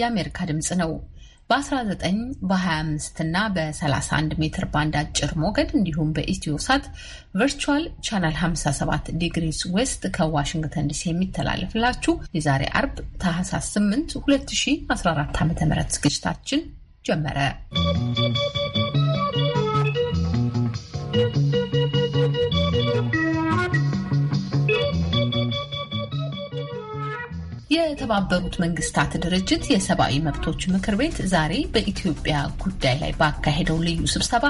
የአሜሪካ ድምፅ ነው። በ19 በ25 እና በ31 ሜትር ባንድ አጭር ሞገድ እንዲሁም በኢትዮ ሳት ቨርቹዋል ቻናል 57 ዲግሪስ ዌስት ከዋሽንግተን ዲሲ የሚተላለፍላችሁ የዛሬ አርብ ታህሳስ 8 2014 ም ዝግጅታችን ጀመረ። የተባበሩት መንግስታት ድርጅት የሰብአዊ መብቶች ምክር ቤት ዛሬ በኢትዮጵያ ጉዳይ ላይ ባካሄደው ልዩ ስብሰባ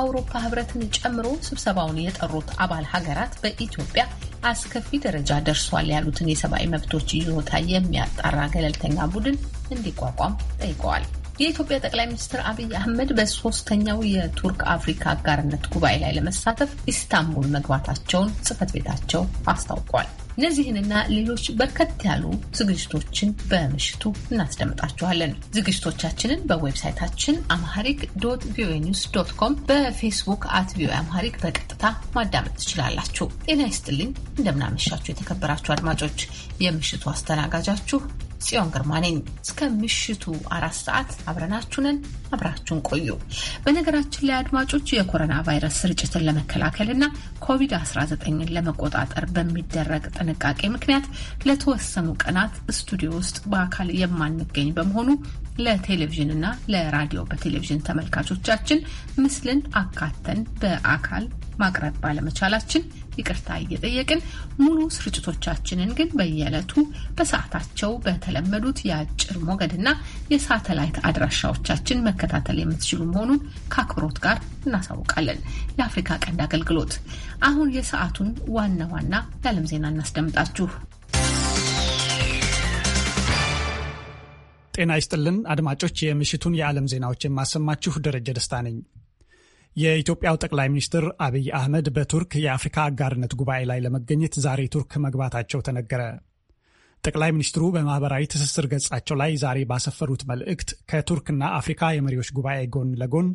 አውሮፓ ህብረትን ጨምሮ ስብሰባውን የጠሩት አባል ሀገራት በኢትዮጵያ አስከፊ ደረጃ ደርሷል ያሉትን የሰብአዊ መብቶች ይዞታ የሚያጣራ ገለልተኛ ቡድን እንዲቋቋም ጠይቀዋል። የኢትዮጵያ ጠቅላይ ሚኒስትር አብይ አህመድ በሶስተኛው የቱርክ አፍሪካ አጋርነት ጉባኤ ላይ ለመሳተፍ ኢስታንቡል መግባታቸውን ጽህፈት ቤታቸው አስታውቋል። እነዚህንና ሌሎች በርከት ያሉ ዝግጅቶችን በምሽቱ እናስደምጣችኋለን። ዝግጅቶቻችንን በዌብሳይታችን አምሃሪክ ዶት ቪኦኤ ኒውስ ዶት ኮም፣ በፌስቡክ አት ቪኦኤ አምሃሪክ በቀጥታ ማዳመጥ ትችላላችሁ። ጤና ይስጥልኝ። እንደምናመሻችሁ የተከበራችሁ አድማጮች፣ የምሽቱ አስተናጋጃችሁ ጽዮን ግርማ ነኝ። እስከ ምሽቱ አራት ሰዓት አብረናችሁንን አብራችሁን ቆዩ። በነገራችን ላይ አድማጮች የኮሮና ቫይረስ ስርጭትን ለመከላከልና ኮቪድ-19ን ለመቆጣጠር በሚደረግ ጥንቃቄ ምክንያት ለተወሰኑ ቀናት ስቱዲዮ ውስጥ በአካል የማንገኝ በመሆኑ ለቴሌቪዥንና ለራዲዮ በቴሌቪዥን ተመልካቾቻችን ምስልን አካተን በአካል ማቅረብ ባለመቻላችን ይቅርታ እየጠየቅን ሙሉ ስርጭቶቻችንን ግን በየዕለቱ በሰዓታቸው በተለመዱት የአጭር ሞገድና የሳተላይት አድራሻዎቻችን መከታተል የምትችሉ መሆኑን ከአክብሮት ጋር እናሳውቃለን። የአፍሪካ ቀንድ አገልግሎት አሁን የሰዓቱን ዋና ዋና የዓለም ዜና እናስደምጣችሁ። ጤና ይስጥልን አድማጮች፣ የምሽቱን የዓለም ዜናዎች የማሰማችሁ ደረጀ ደስታ ነኝ። የኢትዮጵያው ጠቅላይ ሚኒስትር አብይ አህመድ በቱርክ የአፍሪካ አጋርነት ጉባኤ ላይ ለመገኘት ዛሬ ቱርክ መግባታቸው ተነገረ። ጠቅላይ ሚኒስትሩ በማህበራዊ ትስስር ገጻቸው ላይ ዛሬ ባሰፈሩት መልእክት ከቱርክና አፍሪካ የመሪዎች ጉባኤ ጎን ለጎን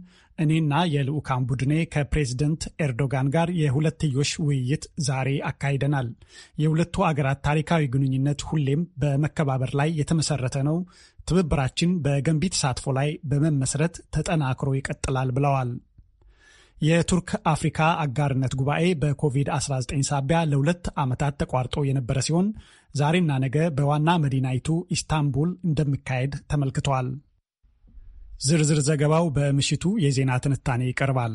እኔና የልዑካን ቡድኔ ከፕሬዝደንት ኤርዶጋን ጋር የሁለትዮሽ ውይይት ዛሬ አካሂደናል። የሁለቱ አገራት ታሪካዊ ግንኙነት ሁሌም በመከባበር ላይ የተመሰረተ ነው። ትብብራችን በገንቢ ተሳትፎ ላይ በመመስረት ተጠናክሮ ይቀጥላል ብለዋል። የቱርክ አፍሪካ አጋርነት ጉባኤ በኮቪድ-19 ሳቢያ ለሁለት ዓመታት ተቋርጦ የነበረ ሲሆን ዛሬና ነገ በዋና መዲናይቱ ኢስታንቡል እንደሚካሄድ ተመልክቷል። ዝርዝር ዘገባው በምሽቱ የዜና ትንታኔ ይቀርባል።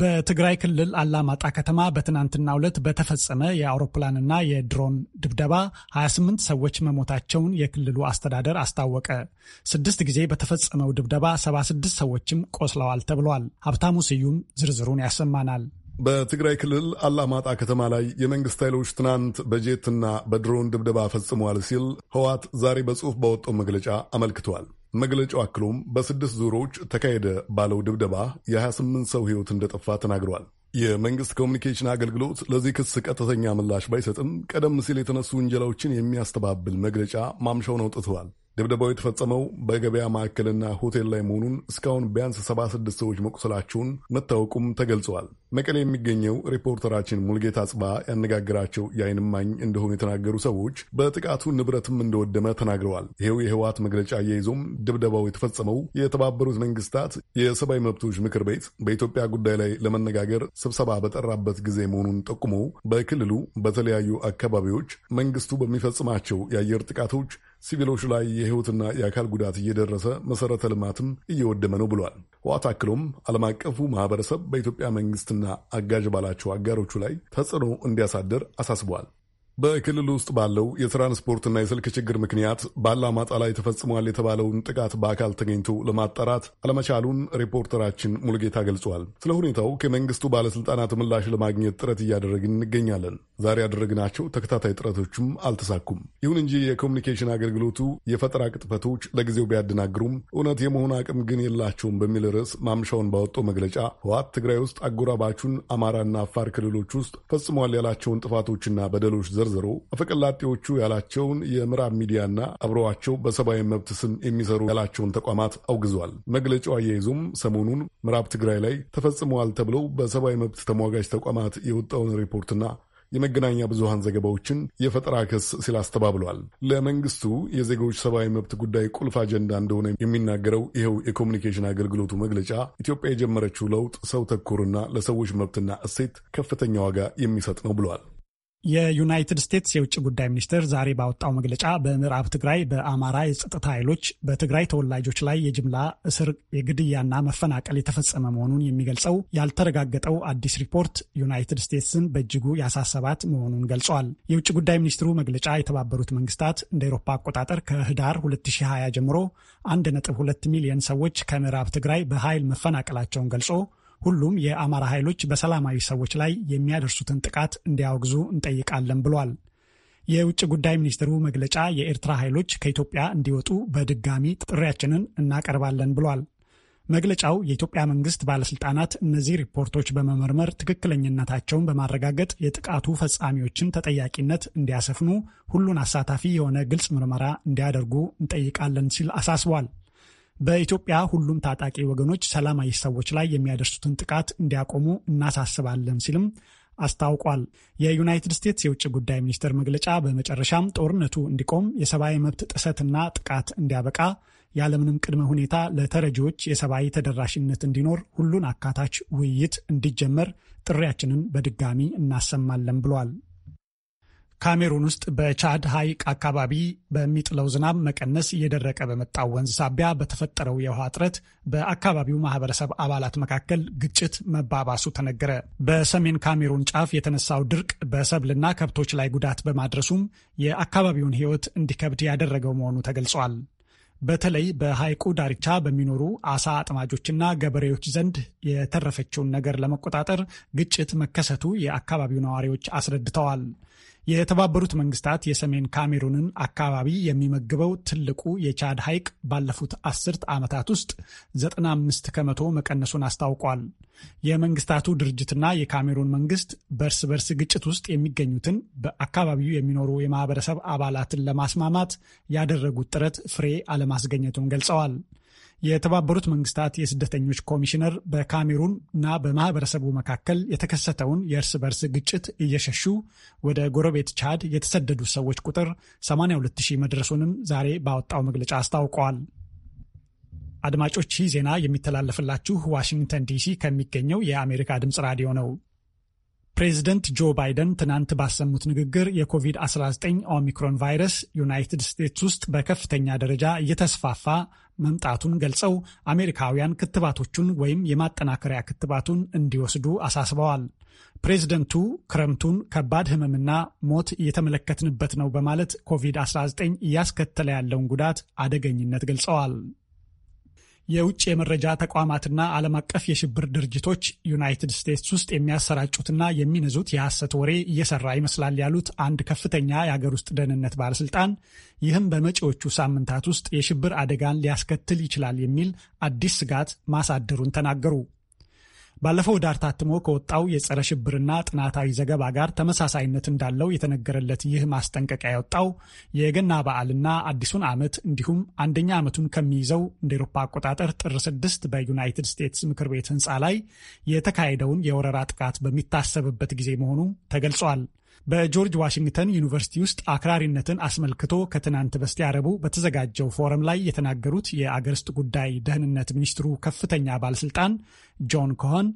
በትግራይ ክልል አላማጣ ከተማ በትናንትናው ዕለት በተፈጸመ የአውሮፕላንና የድሮን ድብደባ 28 ሰዎች መሞታቸውን የክልሉ አስተዳደር አስታወቀ። ስድስት ጊዜ በተፈጸመው ድብደባ 76 ሰዎችም ቆስለዋል ተብሏል። ሀብታሙ ስዩም ዝርዝሩን ያሰማናል። በትግራይ ክልል አላማጣ ከተማ ላይ የመንግስት ኃይሎች ትናንት በጄትና በድሮን ድብደባ ፈጽመዋል ሲል ህዋት ዛሬ በጽሑፍ ባወጣው መግለጫ አመልክቷል። መግለጫው አክሎም በስድስት ዙሮች ተካሄደ ባለው ድብደባ የ28 ሰው ሕይወት እንደጠፋ ተናግረዋል። የመንግስት ኮሚኒኬሽን አገልግሎት ለዚህ ክስ ቀጥተኛ ምላሽ ባይሰጥም ቀደም ሲል የተነሱ ውንጀላዎችን የሚያስተባብል መግለጫ ማምሻውን አውጥተዋል። ድብደባው የተፈጸመው በገበያ ማዕከልና ሆቴል ላይ መሆኑን እስካሁን ቢያንስ 76 ሰዎች መቁሰላቸውን መታወቁም ተገልጸዋል። መቀሌ የሚገኘው ሪፖርተራችን ሙልጌታ አጽባ ያነጋግራቸው የአይንማኝ እንደሆኑ የተናገሩ ሰዎች በጥቃቱ ንብረትም እንደወደመ ተናግረዋል። ይኸው የህወሓት መግለጫ አያይዞም ድብደባው የተፈጸመው የተባበሩት መንግስታት የሰብአዊ መብቶች ምክር ቤት በኢትዮጵያ ጉዳይ ላይ ለመነጋገር ስብሰባ በጠራበት ጊዜ መሆኑን ጠቁሞ በክልሉ በተለያዩ አካባቢዎች መንግስቱ በሚፈጽማቸው የአየር ጥቃቶች ሲቪሎች ላይ የህይወትና የአካል ጉዳት እየደረሰ መሠረተ ልማትም እየወደመ ነው ብሏል። ህወሓት አክሎም ዓለም አቀፉ ማህበረሰብ በኢትዮጵያ መንግስትና አጋዥ ባላቸው አጋሮቹ ላይ ተጽዕኖ እንዲያሳድር አሳስቧል። በክልል ውስጥ ባለው የትራንስፖርትና የስልክ ችግር ምክንያት በአላማጣ ላይ ተፈጽሟል የተባለውን ጥቃት በአካል ተገኝቶ ለማጣራት አለመቻሉን ሪፖርተራችን ሙልጌታ ገልጿል። ስለ ሁኔታው ከመንግስቱ ባለስልጣናት ምላሽ ለማግኘት ጥረት እያደረግን እንገኛለን። ዛሬ ያደረግናቸው ተከታታይ ጥረቶችም አልተሳኩም። ይሁን እንጂ የኮሚኒኬሽን አገልግሎቱ የፈጠራ ቅጥፈቶች ለጊዜው ቢያደናግሩም እውነት የመሆን አቅም ግን የላቸውም በሚል ርዕስ ማምሻውን ባወጣው መግለጫ ህወሓት ትግራይ ውስጥ አጎራባቹን አማራና አፋር ክልሎች ውስጥ ፈጽሟል ያላቸውን ጥፋቶችና በደሎች ዘርዝሮ አፈቀላጤዎቹ ያላቸውን የምዕራብ ሚዲያና አብረዋቸው በሰብአዊ መብት ስም የሚሰሩ ያላቸውን ተቋማት አውግዟል። መግለጫው አያይዞም ሰሞኑን ምዕራብ ትግራይ ላይ ተፈጽመዋል ተብለው በሰብአዊ መብት ተሟጋጅ ተቋማት የወጣውን ሪፖርትና የመገናኛ ብዙሃን ዘገባዎችን የፈጠራ ክስ ሲል አስተባብሏል። ለመንግስቱ የዜጎች ሰብአዊ መብት ጉዳይ ቁልፍ አጀንዳ እንደሆነ የሚናገረው ይኸው የኮሚኒኬሽን አገልግሎቱ መግለጫ ኢትዮጵያ የጀመረችው ለውጥ ሰው ተኮርና ለሰዎች መብትና እሴት ከፍተኛ ዋጋ የሚሰጥ ነው ብሏል። የዩናይትድ ስቴትስ የውጭ ጉዳይ ሚኒስቴር ዛሬ ባወጣው መግለጫ በምዕራብ ትግራይ በአማራ የጸጥታ ኃይሎች በትግራይ ተወላጆች ላይ የጅምላ እስር የግድያና መፈናቀል የተፈጸመ መሆኑን የሚገልጸው ያልተረጋገጠው አዲስ ሪፖርት ዩናይትድ ስቴትስን በእጅጉ ያሳሰባት መሆኑን ገልጿል። የውጭ ጉዳይ ሚኒስትሩ መግለጫ የተባበሩት መንግስታት እንደ ኤሮፓ አቆጣጠር ከህዳር 2020 ጀምሮ 1.2 ሚሊዮን ሰዎች ከምዕራብ ትግራይ በኃይል መፈናቀላቸውን ገልጾ ሁሉም የአማራ ኃይሎች በሰላማዊ ሰዎች ላይ የሚያደርሱትን ጥቃት እንዲያወግዙ እንጠይቃለን ብሏል። የውጭ ጉዳይ ሚኒስትሩ መግለጫ የኤርትራ ኃይሎች ከኢትዮጵያ እንዲወጡ በድጋሚ ጥሪያችንን እናቀርባለን ብሏል። መግለጫው የኢትዮጵያ መንግስት ባለስልጣናት እነዚህ ሪፖርቶች በመመርመር ትክክለኝነታቸውን በማረጋገጥ የጥቃቱ ፈጻሚዎችን ተጠያቂነት እንዲያሰፍኑ፣ ሁሉን አሳታፊ የሆነ ግልጽ ምርመራ እንዲያደርጉ እንጠይቃለን ሲል አሳስቧል። በኢትዮጵያ ሁሉም ታጣቂ ወገኖች ሰላማዊ ሰዎች ላይ የሚያደርሱትን ጥቃት እንዲያቆሙ እናሳስባለን ሲልም አስታውቋል። የዩናይትድ ስቴትስ የውጭ ጉዳይ ሚኒስቴር መግለጫ በመጨረሻም ጦርነቱ እንዲቆም፣ የሰብአዊ መብት ጥሰትና ጥቃት እንዲያበቃ፣ ያለምንም ቅድመ ሁኔታ ለተረጂዎች የሰብአዊ ተደራሽነት እንዲኖር፣ ሁሉን አካታች ውይይት እንዲጀመር ጥሪያችንን በድጋሚ እናሰማለን ብሏል። ካሜሩን ውስጥ በቻድ ሐይቅ አካባቢ በሚጥለው ዝናብ መቀነስ እየደረቀ በመጣው ወንዝ ሳቢያ በተፈጠረው የውሃ እጥረት በአካባቢው ማህበረሰብ አባላት መካከል ግጭት መባባሱ ተነገረ። በሰሜን ካሜሩን ጫፍ የተነሳው ድርቅ በሰብልና ከብቶች ላይ ጉዳት በማድረሱም የአካባቢውን ሕይወት እንዲከብድ ያደረገው መሆኑ ተገልጿል። በተለይ በሐይቁ ዳርቻ በሚኖሩ አሳ አጥማጆችና ገበሬዎች ዘንድ የተረፈችውን ነገር ለመቆጣጠር ግጭት መከሰቱ የአካባቢው ነዋሪዎች አስረድተዋል። የተባበሩት መንግስታት የሰሜን ካሜሩንን አካባቢ የሚመግበው ትልቁ የቻድ ሐይቅ ባለፉት አስርት ዓመታት ውስጥ 95 ከመቶ መቀነሱን አስታውቋል። የመንግስታቱ ድርጅትና የካሜሩን መንግስት በእርስ በርስ ግጭት ውስጥ የሚገኙትን በአካባቢው የሚኖሩ የማህበረሰብ አባላትን ለማስማማት ያደረጉት ጥረት ፍሬ አለማስገኘቱን ገልጸዋል። የተባበሩት መንግስታት የስደተኞች ኮሚሽነር በካሜሩን እና በማህበረሰቡ መካከል የተከሰተውን የእርስ በርስ ግጭት እየሸሹ ወደ ጎረቤት ቻድ የተሰደዱ ሰዎች ቁጥር 82000 መድረሱንም ዛሬ ባወጣው መግለጫ አስታውቀዋል። አድማጮች ይህ ዜና የሚተላለፍላችሁ ዋሽንግተን ዲሲ ከሚገኘው የአሜሪካ ድምፅ ራዲዮ ነው። ፕሬዚደንት ጆ ባይደን ትናንት ባሰሙት ንግግር የኮቪድ-19 ኦሚክሮን ቫይረስ ዩናይትድ ስቴትስ ውስጥ በከፍተኛ ደረጃ እየተስፋፋ መምጣቱን ገልጸው አሜሪካውያን ክትባቶቹን ወይም የማጠናከሪያ ክትባቱን እንዲወስዱ አሳስበዋል። ፕሬዚደንቱ ክረምቱን ከባድ ሕመምና ሞት እየተመለከትንበት ነው በማለት ኮቪድ-19 እያስከተለ ያለውን ጉዳት አደገኝነት ገልጸዋል። የውጭ የመረጃ ተቋማትና ዓለም አቀፍ የሽብር ድርጅቶች ዩናይትድ ስቴትስ ውስጥ የሚያሰራጩትና የሚነዙት የሐሰት ወሬ እየሰራ ይመስላል ያሉት አንድ ከፍተኛ የአገር ውስጥ ደህንነት ባለስልጣን፣ ይህም በመጪዎቹ ሳምንታት ውስጥ የሽብር አደጋን ሊያስከትል ይችላል የሚል አዲስ ስጋት ማሳደሩን ተናገሩ። ባለፈው ዳር ታትሞ ከወጣው የጸረ ሽብርና ጥናታዊ ዘገባ ጋር ተመሳሳይነት እንዳለው የተነገረለት ይህ ማስጠንቀቂያ የወጣው የገና በዓልና አዲሱን ዓመት እንዲሁም አንደኛ ዓመቱን ከሚይዘው እንደ ኤሮፓ አቆጣጠር ጥር ስድስት በዩናይትድ ስቴትስ ምክር ቤት ህንፃ ላይ የተካሄደውን የወረራ ጥቃት በሚታሰብበት ጊዜ መሆኑ ተገልጿል። በጆርጅ ዋሽንግተን ዩኒቨርሲቲ ውስጥ አክራሪነትን አስመልክቶ ከትናንት በስቲያ ረቡዕ በተዘጋጀው ፎረም ላይ የተናገሩት የአገር ውስጥ ጉዳይ ደህንነት ሚኒስትሩ ከፍተኛ ባለስልጣን ጆን ኮሆን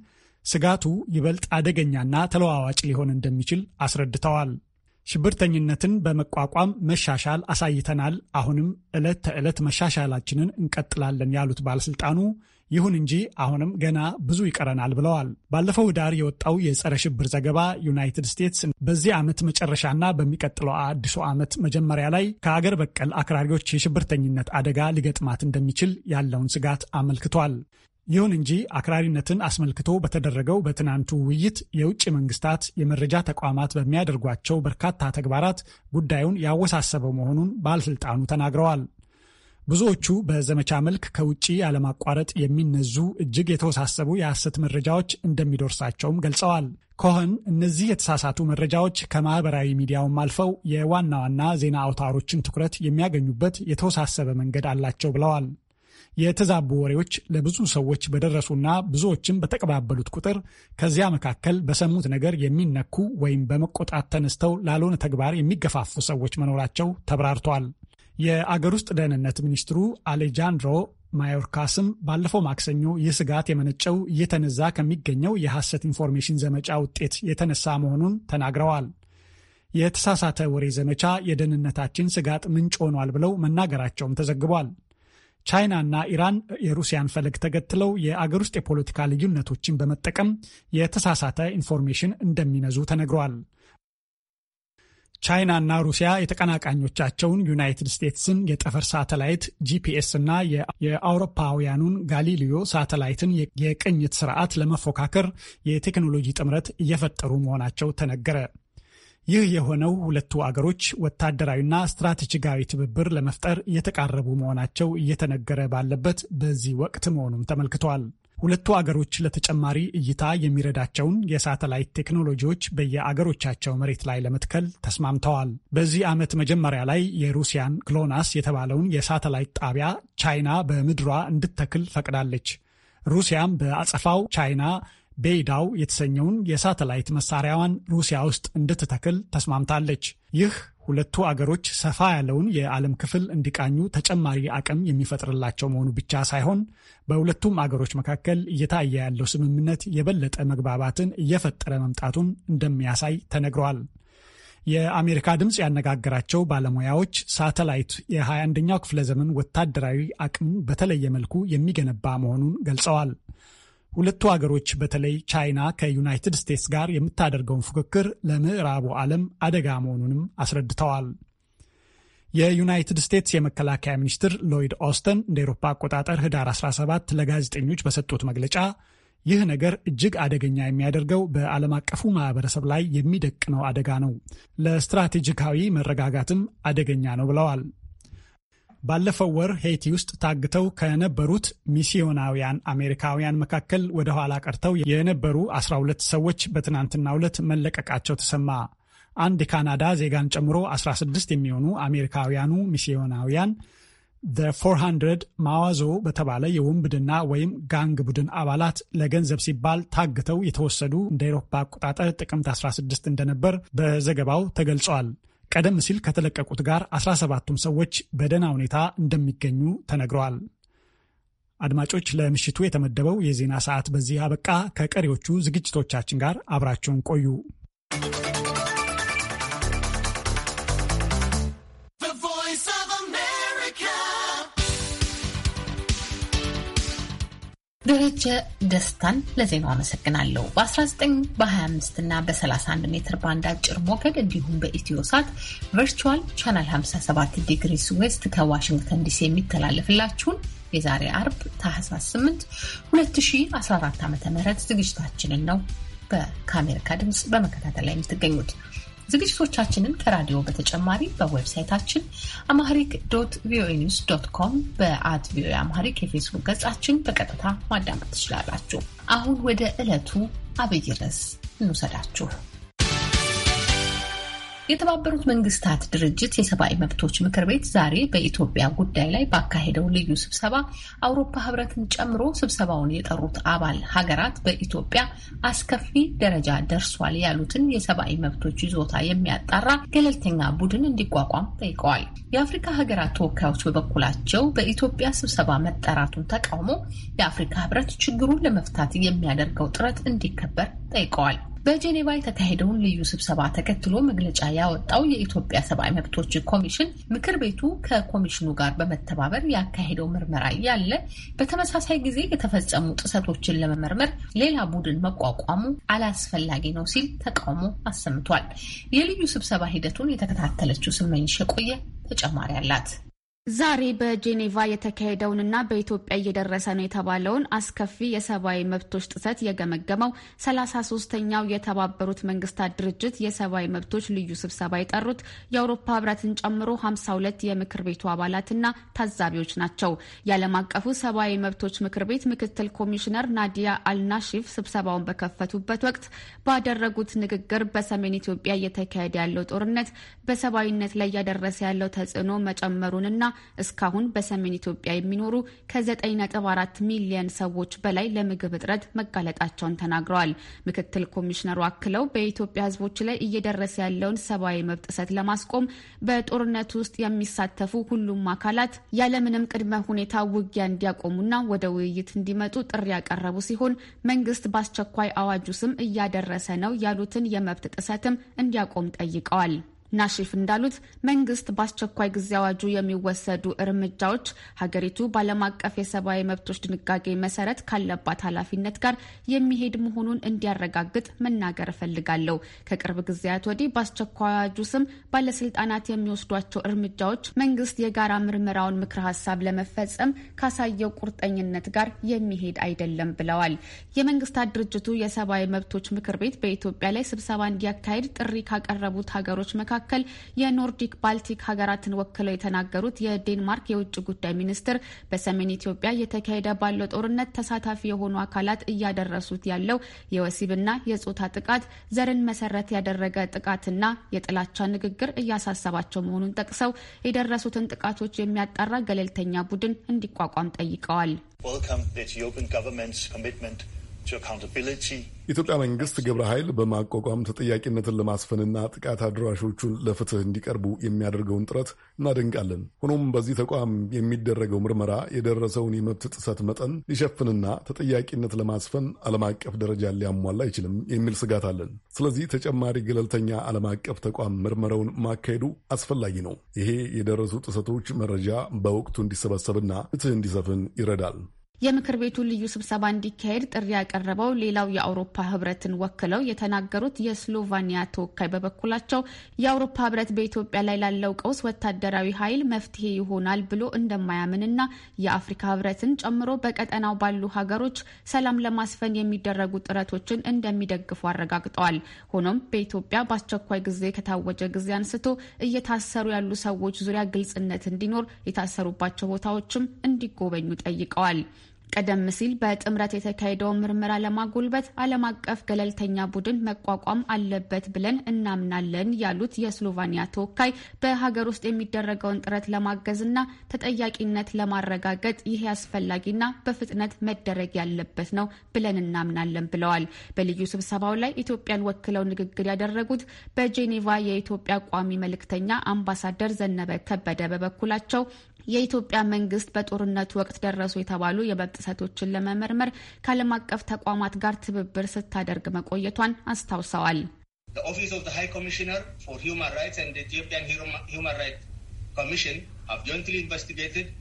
ስጋቱ ይበልጥ አደገኛና ተለዋዋጭ ሊሆን እንደሚችል አስረድተዋል። ሽብርተኝነትን በመቋቋም መሻሻል አሳይተናል፣ አሁንም ዕለት ተዕለት መሻሻላችንን እንቀጥላለን ያሉት ባለስልጣኑ ይሁን እንጂ አሁንም ገና ብዙ ይቀረናል ብለዋል። ባለፈው ዳር የወጣው የጸረ ሽብር ዘገባ ዩናይትድ ስቴትስ በዚህ ዓመት መጨረሻና በሚቀጥለው አዲሱ ዓመት መጀመሪያ ላይ ከአገር በቀል አክራሪዎች የሽብርተኝነት አደጋ ሊገጥማት እንደሚችል ያለውን ስጋት አመልክቷል። ይሁን እንጂ አክራሪነትን አስመልክቶ በተደረገው በትናንቱ ውይይት የውጭ መንግስታት የመረጃ ተቋማት በሚያደርጓቸው በርካታ ተግባራት ጉዳዩን ያወሳሰበው መሆኑን ባለሥልጣኑ ተናግረዋል። ብዙዎቹ በዘመቻ መልክ ከውጭ ያለማቋረጥ የሚነዙ እጅግ የተወሳሰቡ የሐሰት መረጃዎች እንደሚደርሳቸውም ገልጸዋል። ኮኸን እነዚህ የተሳሳቱ መረጃዎች ከማኅበራዊ ሚዲያውም አልፈው የዋና ዋና ዜና አውታሮችን ትኩረት የሚያገኙበት የተወሳሰበ መንገድ አላቸው ብለዋል። የተዛቡ ወሬዎች ለብዙ ሰዎች በደረሱና ብዙዎችም በተቀባበሉት ቁጥር ከዚያ መካከል በሰሙት ነገር የሚነኩ ወይም በመቆጣት ተነስተው ላልሆነ ተግባር የሚገፋፉ ሰዎች መኖራቸው ተብራርቷል። የአገር ውስጥ ደህንነት ሚኒስትሩ አሌጃንድሮ ማዮርካስም ባለፈው ማክሰኞ ይህ ስጋት የመነጨው እየተነዛ ከሚገኘው የሐሰት ኢንፎርሜሽን ዘመቻ ውጤት የተነሳ መሆኑን ተናግረዋል። የተሳሳተ ወሬ ዘመቻ የደህንነታችን ስጋት ምንጭ ሆኗል ብለው መናገራቸውም ተዘግቧል። ቻይናና ኢራን የሩሲያን ፈለግ ተከትለው የአገር ውስጥ የፖለቲካ ልዩነቶችን በመጠቀም የተሳሳተ ኢንፎርሜሽን እንደሚነዙ ተነግሯል። ቻይናና ሩሲያ የተቀናቃኞቻቸውን ዩናይትድ ስቴትስን የጠፈር ሳተላይት ጂፒኤስ እና የአውሮፓውያኑን ጋሊሊዮ ሳተላይትን የቅኝት ስርዓት ለመፎካከር የቴክኖሎጂ ጥምረት እየፈጠሩ መሆናቸው ተነገረ። ይህ የሆነው ሁለቱ አገሮች ወታደራዊና ስትራቴጂካዊ ትብብር ለመፍጠር እየተቃረቡ መሆናቸው እየተነገረ ባለበት በዚህ ወቅት መሆኑም ተመልክቷል። ሁለቱ አገሮች ለተጨማሪ እይታ የሚረዳቸውን የሳተላይት ቴክኖሎጂዎች በየአገሮቻቸው መሬት ላይ ለመትከል ተስማምተዋል። በዚህ ዓመት መጀመሪያ ላይ የሩሲያን ግሎናስ የተባለውን የሳተላይት ጣቢያ ቻይና በምድሯ እንድተክል ፈቅዳለች። ሩሲያም በአጸፋው ቻይና ቤይዳው የተሰኘውን የሳተላይት መሳሪያዋን ሩሲያ ውስጥ እንድትተክል ተስማምታለች። ይህ ሁለቱ አገሮች ሰፋ ያለውን የዓለም ክፍል እንዲቃኙ ተጨማሪ አቅም የሚፈጥርላቸው መሆኑ ብቻ ሳይሆን በሁለቱም አገሮች መካከል እየታየ ያለው ስምምነት የበለጠ መግባባትን እየፈጠረ መምጣቱን እንደሚያሳይ ተነግሯል። የአሜሪካ ድምፅ ያነጋገራቸው ባለሙያዎች ሳተላይት የ21ኛው ክፍለ ዘመን ወታደራዊ አቅም በተለየ መልኩ የሚገነባ መሆኑን ገልጸዋል። ሁለቱ አገሮች በተለይ ቻይና ከዩናይትድ ስቴትስ ጋር የምታደርገውን ፉክክር ለምዕራቡ ዓለም አደጋ መሆኑንም አስረድተዋል። የዩናይትድ ስቴትስ የመከላከያ ሚኒስትር ሎይድ ኦስተን እንደ ኤሮፓ አቆጣጠር ህዳር 17 ለጋዜጠኞች በሰጡት መግለጫ ይህ ነገር እጅግ አደገኛ የሚያደርገው በዓለም አቀፉ ማህበረሰብ ላይ የሚደቅነው አደጋ ነው፣ ለስትራቴጂካዊ መረጋጋትም አደገኛ ነው ብለዋል። ባለፈው ወር ሄይቲ ውስጥ ታግተው ከነበሩት ሚስዮናውያን አሜሪካውያን መካከል ወደ ኋላ ቀርተው የነበሩ 12 ሰዎች በትናንትናው ዕለት መለቀቃቸው ተሰማ። አንድ የካናዳ ዜጋን ጨምሮ 16 የሚሆኑ አሜሪካውያኑ ሚስዮናውያን ዘ 400 ማዋዞ በተባለ የውንብድና ወይም ጋንግ ቡድን አባላት ለገንዘብ ሲባል ታግተው የተወሰዱ እንደ ኤሮፓ አቆጣጠር ጥቅምት 16 እንደነበር በዘገባው ተገልጿል። ቀደም ሲል ከተለቀቁት ጋር 17ቱም ሰዎች በደህና ሁኔታ እንደሚገኙ ተነግረዋል። አድማጮች፣ ለምሽቱ የተመደበው የዜና ሰዓት በዚህ አበቃ። ከቀሪዎቹ ዝግጅቶቻችን ጋር አብራቸውን ቆዩ። ደረጀ ደስታን ለዜናው አመሰግናለሁ። በ19 በ25 እና በ31 ሜትር ባንድ አጭር ሞገድ እንዲሁም በኢትዮ ሳት ቨርቹዋል ቻናል 57 ዲግሪስ ዌስት ከዋሽንግተን ዲሲ የሚተላለፍላችሁን የዛሬ አርብ ታህሳስ 8 2014 ዓ ም ዝግጅታችንን ነው በከአሜሪካ ድምፅ በመከታተል ላይ የምትገኙት። ዝግጅቶቻችንን ከራዲዮ በተጨማሪ በዌብሳይታችን አማሪክ ዶት ቪኦኤ ኒውስ ዶት ኮም በአት ቪኦኤ አማሪክ የፌስቡክ ገጻችን በቀጥታ ማዳመጥ ትችላላችሁ። አሁን ወደ ዕለቱ አብይ ርዕስ እንውሰዳችሁ። የተባበሩት መንግስታት ድርጅት የሰብአዊ መብቶች ምክር ቤት ዛሬ በኢትዮጵያ ጉዳይ ላይ ባካሄደው ልዩ ስብሰባ አውሮፓ ህብረትን ጨምሮ ስብሰባውን የጠሩት አባል ሀገራት በኢትዮጵያ አስከፊ ደረጃ ደርሷል ያሉትን የሰብአዊ መብቶች ይዞታ የሚያጣራ ገለልተኛ ቡድን እንዲቋቋም ጠይቀዋል። የአፍሪካ ሀገራት ተወካዮች በበኩላቸው በኢትዮጵያ ስብሰባ መጠራቱን ተቃውሞ የአፍሪካ ህብረት ችግሩን ለመፍታት የሚያደርገው ጥረት እንዲከበር ጠይቀዋል። በጄኔቫ የተካሄደውን ልዩ ስብሰባ ተከትሎ መግለጫ ያወጣው የኢትዮጵያ ሰብአዊ መብቶች ኮሚሽን ምክር ቤቱ ከኮሚሽኑ ጋር በመተባበር ያካሄደው ምርመራ ያለ በተመሳሳይ ጊዜ የተፈጸሙ ጥሰቶችን ለመመርመር ሌላ ቡድን መቋቋሙ አላስፈላጊ ነው ሲል ተቃውሞ አሰምቷል። የልዩ ስብሰባ ሂደቱን የተከታተለችው ስመኝሽ የቆየ ተጨማሪ አላት። ዛሬ በጄኔቫ የተካሄደውንና በኢትዮጵያ እየደረሰ ነው የተባለውን አስከፊ የሰብአዊ መብቶች ጥሰት የገመገመው 33 ሶስተኛው የተባበሩት መንግስታት ድርጅት የሰብአዊ መብቶች ልዩ ስብሰባ የጠሩት የአውሮፓ ህብረትን ጨምሮ 52 የምክር ቤቱ አባላትና ታዛቢዎች ናቸው። የዓለም አቀፉ ሰብአዊ መብቶች ምክር ቤት ምክትል ኮሚሽነር ናዲያ አልናሺፍ ስብሰባውን በከፈቱበት ወቅት ባደረጉት ንግግር በሰሜን ኢትዮጵያ እየተካሄደ ያለው ጦርነት በሰብአዊነት ላይ እያደረሰ ያለው ተጽዕኖ መጨመሩንና እስካሁን በሰሜን ኢትዮጵያ የሚኖሩ ከ9.4 ሚሊየን ሰዎች በላይ ለምግብ እጥረት መጋለጣቸውን ተናግረዋል። ምክትል ኮሚሽነሩ አክለው በኢትዮጵያ ሕዝቦች ላይ እየደረሰ ያለውን ሰብአዊ መብት ጥሰት ለማስቆም በጦርነት ውስጥ የሚሳተፉ ሁሉም አካላት ያለምንም ቅድመ ሁኔታ ውጊያ እንዲያቆሙና ወደ ውይይት እንዲመጡ ጥሪ ያቀረቡ ሲሆን መንግስት በአስቸኳይ አዋጁ ስም እያደረሰ ነው ያሉትን የመብት ጥሰትም እንዲያቆም ጠይቀዋል። ናሺፍ እንዳሉት መንግስት በአስቸኳይ ጊዜ አዋጁ የሚወሰዱ እርምጃዎች ሀገሪቱ በዓለም አቀፍ የሰብአዊ መብቶች ድንጋጌ መሰረት ካለባት ኃላፊነት ጋር የሚሄድ መሆኑን እንዲያረጋግጥ መናገር እፈልጋለሁ። ከቅርብ ጊዜያት ወዲህ በአስቸኳይ አዋጁ ስም ባለስልጣናት የሚወስዷቸው እርምጃዎች መንግስት የጋራ ምርመራውን ምክረ ሀሳብ ለመፈጸም ካሳየው ቁርጠኝነት ጋር የሚሄድ አይደለም ብለዋል። የመንግስታት ድርጅቱ የሰብአዊ መብቶች ምክር ቤት በኢትዮጵያ ላይ ስብሰባ እንዲያካሄድ ጥሪ ካቀረቡት ሀገሮች መካከል መካከል የኖርዲክ ባልቲክ ሀገራትን ወክለው የተናገሩት የዴንማርክ የውጭ ጉዳይ ሚኒስትር በሰሜን ኢትዮጵያ እየተካሄደ ባለው ጦርነት ተሳታፊ የሆኑ አካላት እያደረሱት ያለው የወሲብና የጾታ ጥቃት፣ ዘርን መሰረት ያደረገ ጥቃትና የጥላቻ ንግግር እያሳሰባቸው መሆኑን ጠቅሰው የደረሱትን ጥቃቶች የሚያጣራ ገለልተኛ ቡድን እንዲቋቋም ጠይቀዋል። የኢትዮጵያ መንግስት ግብረ ኃይል በማቋቋም ተጠያቂነትን ለማስፈንና ጥቃት አድራሾቹን ለፍትህ እንዲቀርቡ የሚያደርገውን ጥረት እናደንቃለን። ሆኖም በዚህ ተቋም የሚደረገው ምርመራ የደረሰውን የመብት ጥሰት መጠን ሊሸፍንና ተጠያቂነት ለማስፈን ዓለም አቀፍ ደረጃ ሊያሟላ አይችልም የሚል ስጋት አለን። ስለዚህ ተጨማሪ ገለልተኛ ዓለም አቀፍ ተቋም ምርመራውን ማካሄዱ አስፈላጊ ነው። ይሄ የደረሱ ጥሰቶች መረጃ በወቅቱ እንዲሰበሰብና ፍትህ እንዲሰፍን ይረዳል። የምክር ቤቱ ልዩ ስብሰባ እንዲካሄድ ጥሪ ያቀረበው ሌላው የአውሮፓ ህብረትን ወክለው የተናገሩት የስሎቫኒያ ተወካይ በበኩላቸው የአውሮፓ ህብረት በኢትዮጵያ ላይ ላለው ቀውስ ወታደራዊ ኃይል መፍትሄ ይሆናል ብሎ እንደማያምንና የአፍሪካ ህብረትን ጨምሮ በቀጠናው ባሉ ሀገሮች ሰላም ለማስፈን የሚደረጉ ጥረቶችን እንደሚደግፉ አረጋግጠዋል። ሆኖም በኢትዮጵያ በአስቸኳይ ጊዜ ከታወጀ ጊዜ አንስቶ እየታሰሩ ያሉ ሰዎች ዙሪያ ግልጽነት እንዲኖር፣ የታሰሩባቸው ቦታዎችም እንዲጎበኙ ጠይቀዋል። ቀደም ሲል በጥምረት የተካሄደውን ምርመራ ለማጎልበት ዓለም አቀፍ ገለልተኛ ቡድን መቋቋም አለበት ብለን እናምናለን ያሉት የስሎቫኒያ ተወካይ በሀገር ውስጥ የሚደረገውን ጥረት ለማገዝና ተጠያቂነት ለማረጋገጥ ይህ አስፈላጊና በፍጥነት መደረግ ያለበት ነው ብለን እናምናለን ብለዋል። በልዩ ስብሰባው ላይ ኢትዮጵያን ወክለው ንግግር ያደረጉት በጄኔቫ የኢትዮጵያ ቋሚ መልእክተኛ አምባሳደር ዘነበ ከበደ በበኩላቸው የኢትዮጵያ መንግስት በጦርነቱ ወቅት ደረሱ የተባሉ የመብት ጥሰቶችን ለመመርመር ከዓለም አቀፍ ተቋማት ጋር ትብብር ስታደርግ መቆየቷን አስታውሰዋል።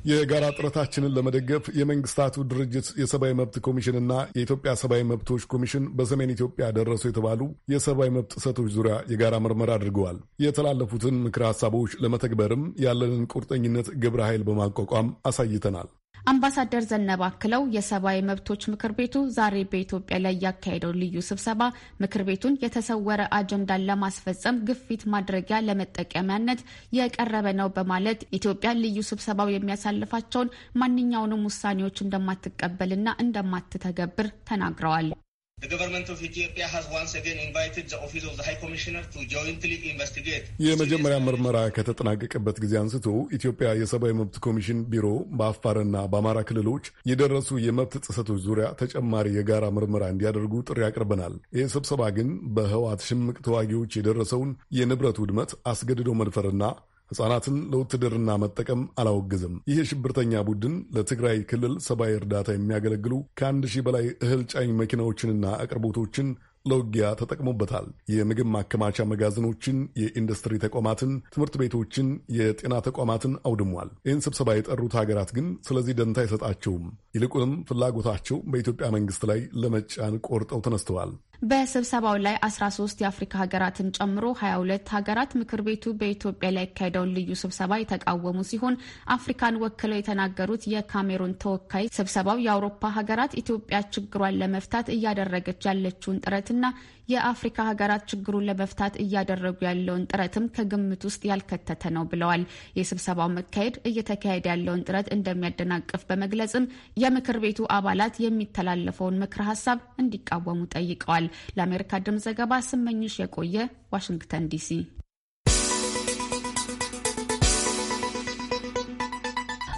የጋራ ጥረታችንን ለመደገፍ የመንግስታቱ ድርጅት የሰብአዊ መብት ኮሚሽንና የኢትዮጵያ ሰብአዊ መብቶች ኮሚሽን በሰሜን ኢትዮጵያ ደረሱ የተባሉ የሰብአዊ መብት ጥሰቶች ዙሪያ የጋራ ምርመራ አድርገዋል። የተላለፉትን ምክረ ሀሳቦች ለመተግበርም ያለንን ቁርጠኝነት ግብረ ኃይል በማቋቋም አሳይተናል። አምባሳደር ዘነባ አክለው የሰብአዊ መብቶች ምክር ቤቱ ዛሬ በኢትዮጵያ ላይ ያካሄደው ልዩ ስብሰባ ምክር ቤቱን የተሰወረ አጀንዳን ለማስፈጸም ግፊት ማድረጊያ ለመጠቀሚያነት የቀረበ ነው በማለት ኢትዮጵያ ልዩ ስብሰባው የሚያሳልፋቸውን ማንኛውንም ውሳኔዎች እንደማትቀበልና እንደማትተገብር ተናግረዋል። የመጀመሪያ ምርመራ ከተጠናቀቀበት ጊዜ አንስቶ ኢትዮጵያ የሰብአዊ መብት ኮሚሽን ቢሮ በአፋርና በአማራ ክልሎች የደረሱ የመብት ጥሰቶች ዙሪያ ተጨማሪ የጋራ ምርመራ እንዲያደርጉ ጥሪ አቅርበናል። ይህ ስብሰባ ግን በህዋት ሽምቅ ተዋጊዎች የደረሰውን የንብረት ውድመት አስገድዶ መድፈርና ሕጻናትን ለውትድርና መጠቀም አላወግዝም። ይህ የሽብርተኛ ቡድን ለትግራይ ክልል ሰብአዊ እርዳታ የሚያገለግሉ ከአንድ ሺህ በላይ እህል ጫኝ መኪናዎችንና አቅርቦቶችን ለውጊያ ተጠቅሞበታል። የምግብ ማከማቻ መጋዘኖችን፣ የኢንዱስትሪ ተቋማትን፣ ትምህርት ቤቶችን፣ የጤና ተቋማትን አውድሟል። ይህን ስብሰባ የጠሩት ሀገራት ግን ስለዚህ ደንታ አይሰጣቸውም። ይልቁንም ፍላጎታቸው በኢትዮጵያ መንግስት ላይ ለመጫን ቆርጠው ተነስተዋል። በስብሰባው ላይ 13 የአፍሪካ ሀገራትን ጨምሮ 22 ሀገራት ምክር ቤቱ በኢትዮጵያ ላይ ያካሄደውን ልዩ ስብሰባ የተቃወሙ ሲሆን አፍሪካን ወክለው የተናገሩት የካሜሩን ተወካይ ስብሰባው የአውሮፓ ሀገራት ኢትዮጵያ ችግሯን ለመፍታት እያደረገች ያለችውን ጥረትና የአፍሪካ ሀገራት ችግሩን ለመፍታት እያደረጉ ያለውን ጥረትም ከግምት ውስጥ ያልከተተ ነው ብለዋል። የስብሰባው መካሄድ እየተካሄደ ያለውን ጥረት እንደሚያደናቅፍ በመግለጽም የምክር ቤቱ አባላት የሚተላለፈውን ምክረ ሀሳብ እንዲቃወሙ ጠይቀዋል። ለአሜሪካ ድምጽ ዘገባ ስመኝሽ የቆየ ዋሽንግተን ዲሲ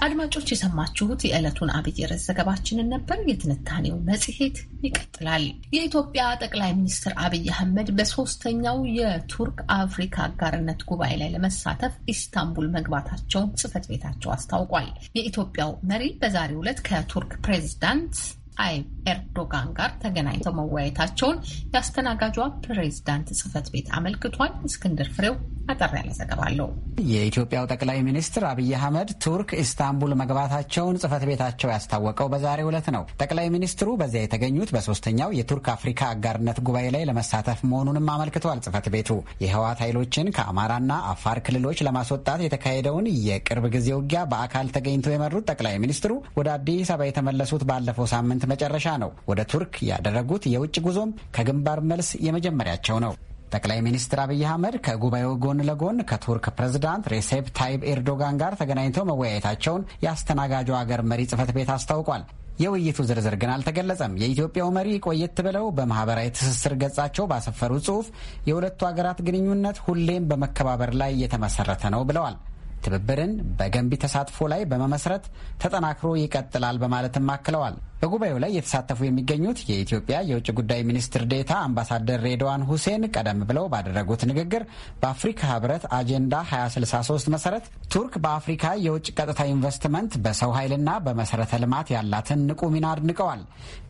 አድማጮች የሰማችሁት የዕለቱን አብይ ርዕስ ዘገባችንን ነበር። የትንታኔው መጽሔት ይቀጥላል። የኢትዮጵያ ጠቅላይ ሚኒስትር አብይ አህመድ በሶስተኛው የቱርክ አፍሪካ አጋርነት ጉባኤ ላይ ለመሳተፍ ኢስታንቡል መግባታቸውን ጽህፈት ቤታቸው አስታውቋል። የኢትዮጵያው መሪ በዛሬው ዕለት ከቱርክ ፕሬዚዳንት ጣይብ ኤርዶጋን ጋር ተገናኝተው መወያየታቸውን የአስተናጋጇ ፕሬዚዳንት ጽህፈት ቤት አመልክቷል። እስክንድር ፍሬው አጠር ያለ ዘገባ አለው። የኢትዮጵያው ጠቅላይ ሚኒስትር አብይ አህመድ ቱርክ ኢስታንቡል መግባታቸውን ጽህፈት ቤታቸው ያስታወቀው በዛሬው ዕለት ነው። ጠቅላይ ሚኒስትሩ በዚያ የተገኙት በሶስተኛው የቱርክ አፍሪካ አጋርነት ጉባኤ ላይ ለመሳተፍ መሆኑንም አመልክቷል። ጽህፈት ቤቱ የህወሓት ኃይሎችን ከአማራና አፋር ክልሎች ለማስወጣት የተካሄደውን የቅርብ ጊዜ ውጊያ በአካል ተገኝተው የመሩት ጠቅላይ ሚኒስትሩ ወደ አዲስ አበባ የተመለሱት ባለፈው ሳምንት መጨረሻ ነው ወደ ቱርክ ያደረጉት የውጭ ጉዞም ከግንባር መልስ የመጀመሪያቸው ነው። ጠቅላይ ሚኒስትር አብይ አህመድ ከጉባኤው ጎን ለጎን ከቱርክ ፕሬዝዳንት ሬሴፕ ታይብ ኤርዶጋን ጋር ተገናኝተው መወያየታቸውን የአስተናጋጁ አገር መሪ ጽህፈት ቤት አስታውቋል። የውይይቱ ዝርዝር ግን አልተገለጸም። የኢትዮጵያው መሪ ቆየት ብለው በማህበራዊ ትስስር ገጻቸው ባሰፈሩ ጽሁፍ የሁለቱ አገራት ግንኙነት ሁሌም በመከባበር ላይ የተመሰረተ ነው ብለዋል። ትብብርን በገንቢ ተሳትፎ ላይ በመመስረት ተጠናክሮ ይቀጥላል በማለትም አክለዋል። በጉባኤው ላይ የተሳተፉ የሚገኙት የኢትዮጵያ የውጭ ጉዳይ ሚኒስትር ዴታ አምባሳደር ሬድዋን ሁሴን ቀደም ብለው ባደረጉት ንግግር በአፍሪካ ህብረት አጀንዳ 2063 መሰረት ቱርክ በአፍሪካ የውጭ ቀጥታ ኢንቨስትመንት በሰው ኃይልና በመሰረተ ልማት ያላትን ንቁ ሚና አድንቀዋል።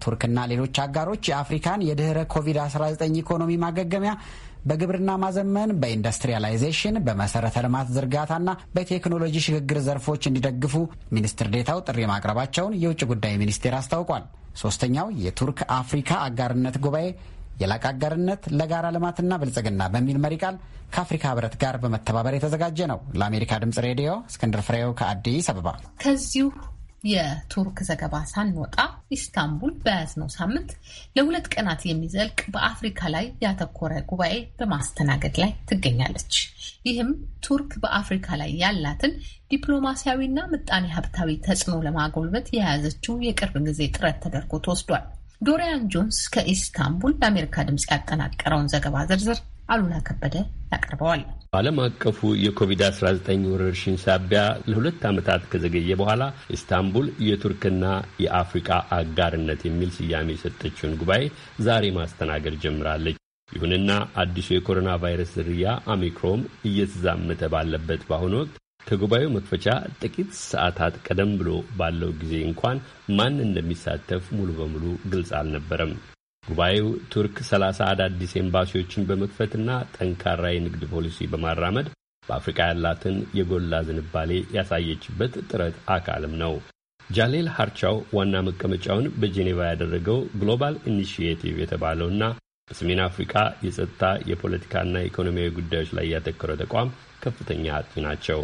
ቱርክና ሌሎች አጋሮች የአፍሪካን የድህረ ኮቪድ-19 ኢኮኖሚ ማገገሚያ በግብርና ማዘመን፣ በኢንዱስትሪያላይዜሽን፣ በመሰረተ ልማት ዝርጋታና በቴክኖሎጂ ሽግግር ዘርፎች እንዲደግፉ ሚኒስትር ዴታው ጥሪ ማቅረባቸውን የውጭ ጉዳይ ሚኒስቴር አስታውቋል። ሶስተኛው የቱርክ አፍሪካ አጋርነት ጉባኤ የላቀ አጋርነት ለጋራ ልማትና ብልጽግና በሚል መሪ ቃል ከአፍሪካ ህብረት ጋር በመተባበር የተዘጋጀ ነው። ለአሜሪካ ድምጽ ሬዲዮ እስክንድር ፍሬው ከአዲስ አበባ። ከዚሁ የቱርክ ዘገባ ሳንወጣ ኢስታንቡል በያዝነው ሳምንት ለሁለት ቀናት የሚዘልቅ በአፍሪካ ላይ ያተኮረ ጉባኤ በማስተናገድ ላይ ትገኛለች። ይህም ቱርክ በአፍሪካ ላይ ያላትን ዲፕሎማሲያዊና ምጣኔ ሀብታዊ ተጽዕኖ ለማጎልበት የያዘችው የቅርብ ጊዜ ጥረት ተደርጎ ተወስዷል። ዶሪያን ጆንስ ከኢስታንቡል ለአሜሪካ ድምፅ ያጠናቀረውን ዘገባ ዝርዝር አሉላ ከበደ ያቀርበዋል። በዓለም አቀፉ የኮቪድ-19 ወረርሽኝ ሳቢያ ለሁለት ዓመታት ከዘገየ በኋላ ኢስታንቡል የቱርክና የአፍሪቃ አጋርነት የሚል ስያሜ የሰጠችውን ጉባኤ ዛሬ ማስተናገድ ጀምራለች። ይሁንና አዲሱ የኮሮና ቫይረስ ዝርያ ኦሚክሮን እየተዛመተ ባለበት በአሁኑ ወቅት ከጉባኤው መክፈቻ ጥቂት ሰዓታት ቀደም ብሎ ባለው ጊዜ እንኳን ማን እንደሚሳተፍ ሙሉ በሙሉ ግልጽ አልነበረም። ጉባኤው ቱርክ ሰላሳ አዳዲስ ኤምባሲዎችን በመክፈትና ጠንካራ የንግድ ፖሊሲ በማራመድ በአፍሪካ ያላትን የጎላ ዝንባሌ ያሳየችበት ጥረት አካልም ነው። ጃሌል ሀርቻው ዋና መቀመጫውን በጄኔቫ ያደረገው ግሎባል የተባለው የተባለውና በሰሜን አፍሪካ የጸጥታ የፖለቲካና ኢኮኖሚያዊ ጉዳዮች ላይ ያተኮረ ተቋም ከፍተኛ አጥኚ ናቸው።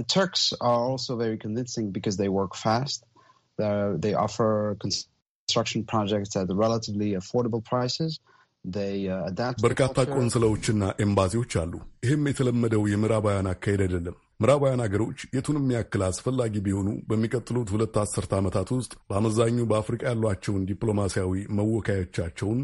The Turks are also very convincing because they work fast. Uh, they offer construction projects at relatively affordable prices. Uh, በርካታ ቆንስላዎችና ኤምባሲዎች አሉ። ይህም የተለመደው የምዕራባውያን አካሄድ አይደለም። ምዕራባውያን አገሮች የቱንም ያክል አስፈላጊ ቢሆኑ በሚቀጥሉት ሁለት አስርተ ዓመታት ውስጥ በአመዛኙ በአፍሪቃ ያሏቸውን ዲፕሎማሲያዊ መወካያቻቸውን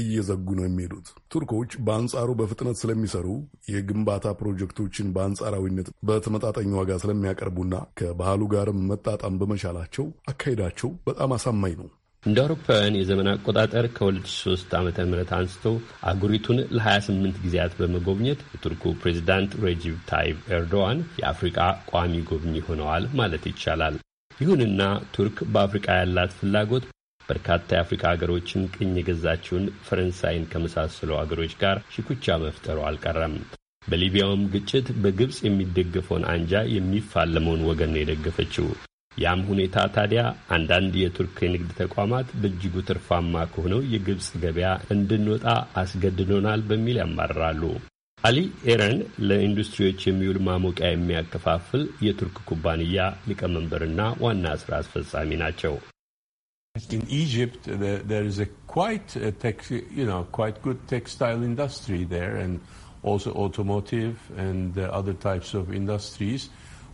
እየዘጉ ነው የሚሄዱት። ቱርኮች በአንጻሩ በፍጥነት ስለሚሰሩ የግንባታ ፕሮጀክቶችን በአንጻራዊነት በተመጣጣኝ ዋጋ ስለሚያቀርቡና ከባህሉ ጋርም መጣጣም በመቻላቸው አካሄዳቸው በጣም አሳማኝ ነው። እንደ አውሮፓውያን የዘመን አቆጣጠር ከ2003 ዓ ም አንስቶ አጉሪቱን ለ28 ጊዜያት በመጎብኘት የቱርኩ ፕሬዚዳንት ሬጂብ ታይብ ኤርዶዋን የአፍሪቃ ቋሚ ጎብኚ ሆነዋል ማለት ይቻላል። ይሁንና ቱርክ በአፍሪቃ ያላት ፍላጎት በርካታ የአፍሪካ ሀገሮችን ቅኝ የገዛችውን ፈረንሳይን ከመሳሰሉ አገሮች ጋር ሽኩቻ መፍጠሩ አልቀረም። በሊቢያውም ግጭት በግብፅ የሚደገፈውን አንጃ የሚፋለመውን ወገን ነው የደገፈችው። ያም ሁኔታ ታዲያ አንዳንድ የቱርክ የንግድ ተቋማት በእጅጉ ትርፋማ ከሆነው የግብፅ ገበያ እንድንወጣ አስገድዶናል በሚል ያማርራሉ። አሊ ኤረን ለኢንዱስትሪዎች የሚውል ማሞቂያ የሚያከፋፍል የቱርክ ኩባንያ ሊቀመንበርና ዋና ስራ አስፈጻሚ ናቸው። In Egypt, there, there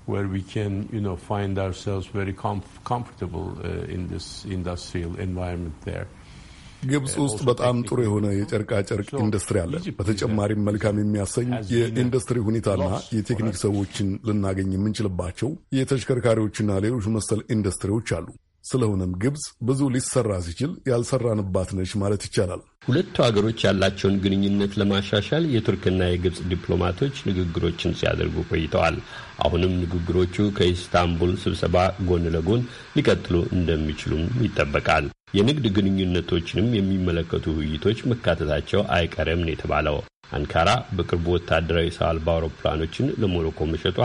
where we can, you know, find ourselves very com- comfortable uh, in this industrial environment there. ግብፅ uh, ውስጥ በጣም ጥሩ የሆነ የጨርቃጨርቅ ኢንዱስትሪ አለ። በተጨማሪም መልካም የሚያሰኝ የኢንዱስትሪ ሁኔታና የቴክኒክ ሰዎችን ልናገኝ የምንችልባቸው የተሽከርካሪዎችና ሌሎች መሰል ኢንዱስትሪዎች አሉ። ስለሆነም ግብፅ ብዙ ሊሰራ ሲችል ያልሰራንባት ነች ማለት ይቻላል። ሁለቱ ሀገሮች ያላቸውን ግንኙነት ለማሻሻል የቱርክና የግብፅ ዲፕሎማቶች ንግግሮችን ሲያደርጉ ቆይተዋል። አሁንም ንግግሮቹ ከኢስታንቡል ስብሰባ ጎን ለጎን ሊቀጥሉ እንደሚችሉም ይጠበቃል። የንግድ ግንኙነቶችንም የሚመለከቱ ውይይቶች መካተታቸው አይቀርም ነው የተባለው። አንካራ በቅርቡ ወታደራዊ ሰው አልባ አውሮፕላኖችን ለሞሮኮ መሸጧ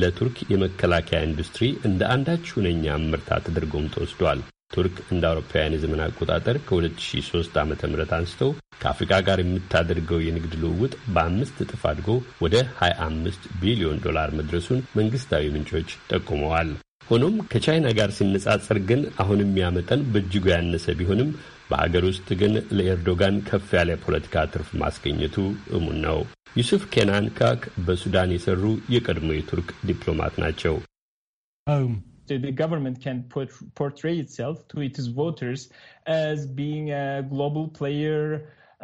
ለቱርክ የመከላከያ ኢንዱስትሪ እንደ አንዳች ሁነኛ ምርታ ተደርጎም ተወስዷል። ቱርክ እንደ አውሮፓውያን የዘመን አቆጣጠር ከ2003 ዓ ም አንስተው ከአፍሪካ ጋር የምታደርገው የንግድ ልውውጥ በአምስት እጥፍ አድጎ ወደ 25 ቢሊዮን ዶላር መድረሱን መንግስታዊ ምንጮች ጠቁመዋል። ሆኖም ከቻይና ጋር ሲነጻጸር ግን አሁንም ያመጠን በእጅጉ ያነሰ ቢሆንም በሀገር ውስጥ ግን ለኤርዶጋን ከፍ ያለ ፖለቲካ ትርፍ ማስገኘቱ እሙን ነው። ዩሱፍ ኬናን ካክ በሱዳን የሰሩ የቀድሞ የቱርክ ዲፕሎማት ናቸው። um,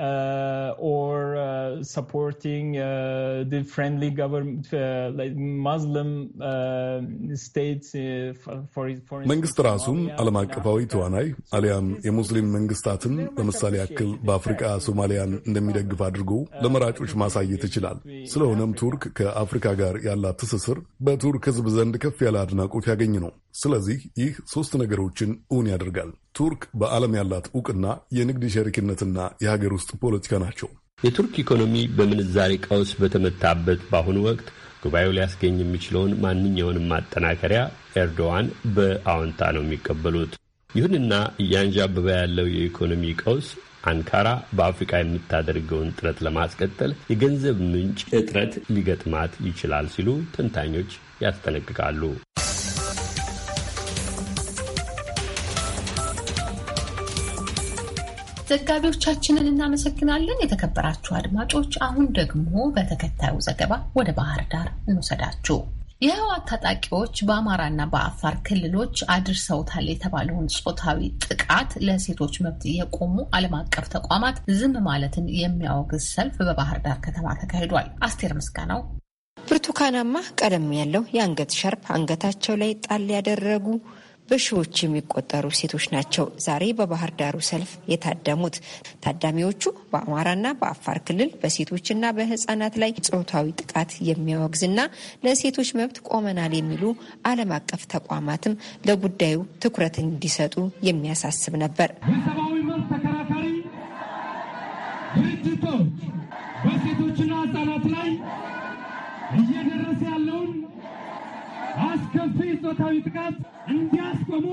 Uh, or uh, supporting uh, the friendly government like Muslim states for መንግስት ራሱም ዓለም አቀፋዊ ተዋናይ አሊያም የሙስሊም መንግስታትን ለምሳሌ ያክል በአፍሪቃ ሶማሊያን እንደሚደግፍ አድርጎ ለመራጮች ማሳየት ይችላል። ስለሆነም ቱርክ ከአፍሪካ ጋር ያላት ትስስር በቱርክ ሕዝብ ዘንድ ከፍ ያለ አድናቆት ያገኝ ነው። ስለዚህ ይህ ሶስት ነገሮችን እውን ያደርጋል። ቱርክ በዓለም ያላት እውቅና የንግድ ሸሪክነትና የሀገር ውስጥ ፖለቲካ ናቸው። የቱርክ ኢኮኖሚ በምንዛሬ ቀውስ በተመታበት በአሁኑ ወቅት ጉባኤው ሊያስገኝ የሚችለውን ማንኛውንም ማጠናከሪያ ኤርዶዋን በአዎንታ ነው የሚቀበሉት። ይሁንና እያንዣበበ ያለው የኢኮኖሚ ቀውስ አንካራ በአፍሪካ የምታደርገውን ጥረት ለማስቀጠል የገንዘብ ምንጭ እጥረት ሊገጥማት ይችላል ሲሉ ተንታኞች ያስጠነቅቃሉ። ዘጋቢዎቻችንን እናመሰግናለን። የተከበራችሁ አድማጮች፣ አሁን ደግሞ በተከታዩ ዘገባ ወደ ባህር ዳር እንውሰዳችሁ። የህወሓት ታጣቂዎች በአማራና በአፋር ክልሎች አድርሰውታል የተባለውን ጾታዊ ጥቃት ለሴቶች መብት የቆሙ ዓለም አቀፍ ተቋማት ዝም ማለትን የሚያወግዝ ሰልፍ በባህር ዳር ከተማ ተካሂዷል። አስቴር ምስጋናው ብርቱካናማ ቀለም ያለው የአንገት ሻርፕ አንገታቸው ላይ ጣል ያደረጉ በሺዎች የሚቆጠሩ ሴቶች ናቸው ዛሬ በባህር ዳሩ ሰልፍ የታደሙት። ታዳሚዎቹ በአማራና በአፋር ክልል በሴቶችና በህጻናት ላይ ጾታዊ ጥቃት የሚያወግዝና ለሴቶች መብት ቆመናል የሚሉ ዓለም አቀፍ ተቋማትም ለጉዳዩ ትኩረት እንዲሰጡ የሚያሳስብ ነበር። ጾታዊ ጥቃት እንዲያስቆሙ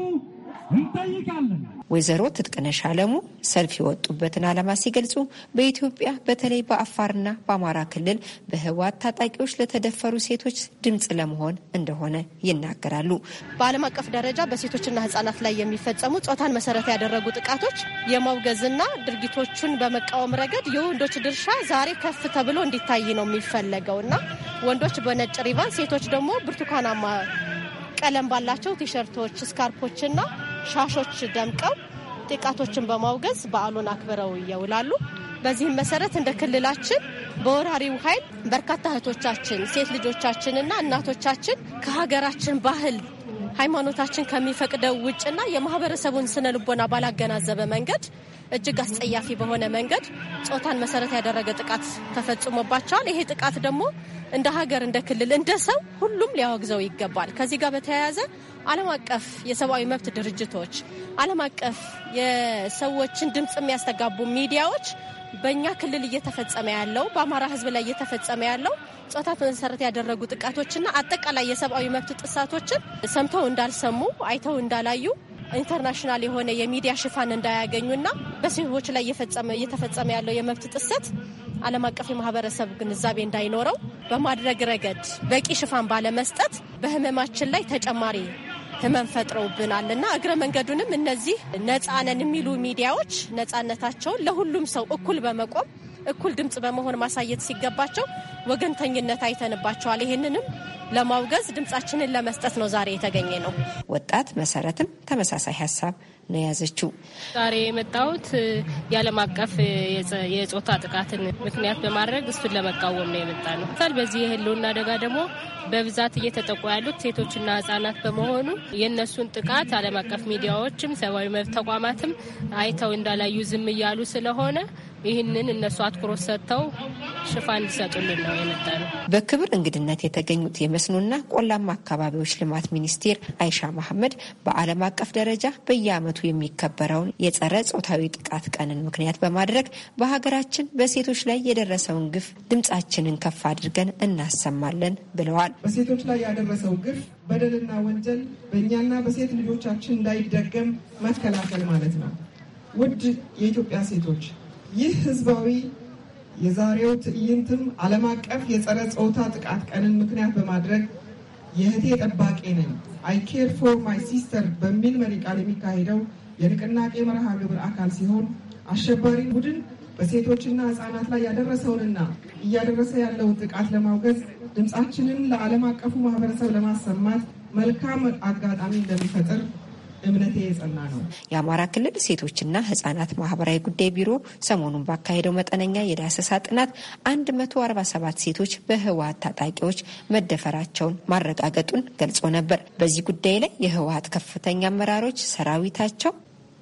እንጠይቃለን። ወይዘሮ ትጥቅነሽ አለሙ ሰልፍ የወጡበትን ዓላማ ሲገልጹ በኢትዮጵያ በተለይ በአፋርና በአማራ ክልል በህወሓት ታጣቂዎች ለተደፈሩ ሴቶች ድምፅ ለመሆን እንደሆነ ይናገራሉ። በዓለም አቀፍ ደረጃ በሴቶችና ህጻናት ላይ የሚፈጸሙ ጾታን መሰረት ያደረጉ ጥቃቶች የማውገዝና ድርጊቶቹን በመቃወም ረገድ የወንዶች ድርሻ ዛሬ ከፍ ተብሎ እንዲታይ ነው የሚፈለገው ወንዶች በነጭ ሪቫን፣ ሴቶች ደግሞ ብርቱካናማ ቀለም ባላቸው ቲሸርቶች፣ ስካርፖችና ሻሾች ደምቀው ጥቃቶችን በማውገዝ በዓሉን አክብረው ይውላሉ። በዚህም መሰረት እንደ ክልላችን በወራሪው ኃይል በርካታ እህቶቻችን ሴት ልጆቻችንና እናቶቻችን ከሀገራችን ባህል ሃይማኖታችን ከሚፈቅደው ውጭና የማህበረሰቡን ስነ ልቦና ባላገናዘበ መንገድ እጅግ አስጸያፊ በሆነ መንገድ ጾታን መሰረት ያደረገ ጥቃት ተፈጽሞባቸዋል። ይሄ ጥቃት ደግሞ እንደ ሀገር፣ እንደ ክልል፣ እንደ ሰው ሁሉም ሊያወግዘው ይገባል። ከዚህ ጋር በተያያዘ ዓለም አቀፍ የሰብአዊ መብት ድርጅቶች፣ ዓለም አቀፍ የሰዎችን ድምፅ የሚያስተጋቡ ሚዲያዎች በእኛ ክልል እየተፈጸመ ያለው በአማራ ሕዝብ ላይ እየተፈጸመ ያለው ጾታ መሰረት ያደረጉ ጥቃቶችና አጠቃላይ የሰብአዊ መብት ጥሳቶችን ሰምተው እንዳልሰሙ አይተው እንዳላዩ ኢንተርናሽናል የሆነ የሚዲያ ሽፋን እንዳያገኙና በሴቶች ላይ እየተፈጸመ ያለው የመብት ጥሰት ዓለም አቀፍ የማህበረሰብ ግንዛቤ እንዳይኖረው በማድረግ ረገድ በቂ ሽፋን ባለመስጠት በህመማችን ላይ ተጨማሪ ህመም ፈጥረውብናል እና እግረ መንገዱንም እነዚህ ነጻነን የሚሉ ሚዲያዎች ነጻነታቸውን ለሁሉም ሰው እኩል በመቆም እኩል ድምፅ በመሆን ማሳየት ሲገባቸው ወገንተኝነት አይተንባቸዋል። ይህንንም ለማውገዝ ድምፃችንን ለመስጠት ነው ዛሬ የተገኘ ነው። ወጣት መሰረትም ተመሳሳይ ሀሳብ ነው የያዘችው። ዛሬ የመጣሁት የዓለም አቀፍ የጾታ ጥቃትን ምክንያት በማድረግ እሱን ለመቃወም ነው የመጣ ነው። በዚህ የህልውና አደጋ ደግሞ በብዛት እየተጠቁ ያሉት ሴቶችና ህጻናት በመሆኑ የእነሱን ጥቃት ዓለም አቀፍ ሚዲያዎችም ሰብአዊ መብት ተቋማትም አይተው እንዳላዩ ዝም እያሉ ስለሆነ ይህንን እነሱ አትኩሮት ሰጥተው ሽፋን እንዲሰጡልን ነው የመጣ ነው። በክብር እንግድነት የተገኙት የመስኖና ቆላማ አካባቢዎች ልማት ሚኒስቴር አይሻ መሐመድ በዓለም አቀፍ ደረጃ በየዓመቱ የሚከበረውን የጸረ ጾታዊ ጥቃት ቀንን ምክንያት በማድረግ በሀገራችን በሴቶች ላይ የደረሰውን ግፍ ድምጻችንን ከፍ አድርገን እናሰማለን ብለዋል። በሴቶች ላይ ያደረሰው ግፍ በደልና ወንጀል በእኛና በሴት ልጆቻችን እንዳይደገም መከላከል ማለት ነው። ውድ የኢትዮጵያ ሴቶች ይህ ህዝባዊ የዛሬው ትዕይንትም ዓለም አቀፍ የጸረ ጾታ ጥቃት ቀንን ምክንያት በማድረግ የእህቴ ጠባቂ ነኝ አይ ኬር ፎር ማይ ሲስተር በሚል መሪ ቃል የሚካሄደው የንቅናቄ መርሃ ግብር አካል ሲሆን አሸባሪ ቡድን በሴቶችና ህጻናት ላይ ያደረሰውንና እያደረሰ ያለውን ጥቃት ለማውገዝ ድምፃችንን ለዓለም አቀፉ ማህበረሰብ ለማሰማት መልካም አጋጣሚ እንደሚፈጥር እምነቴ የጸና ነው። የአማራ ክልል ሴቶችና ህጻናት ማህበራዊ ጉዳይ ቢሮ ሰሞኑን ባካሄደው መጠነኛ የዳሰሳ ጥናት 147 ሴቶች በህወሀት ታጣቂዎች መደፈራቸውን ማረጋገጡን ገልጾ ነበር። በዚህ ጉዳይ ላይ የህወሀት ከፍተኛ አመራሮች ሰራዊታቸው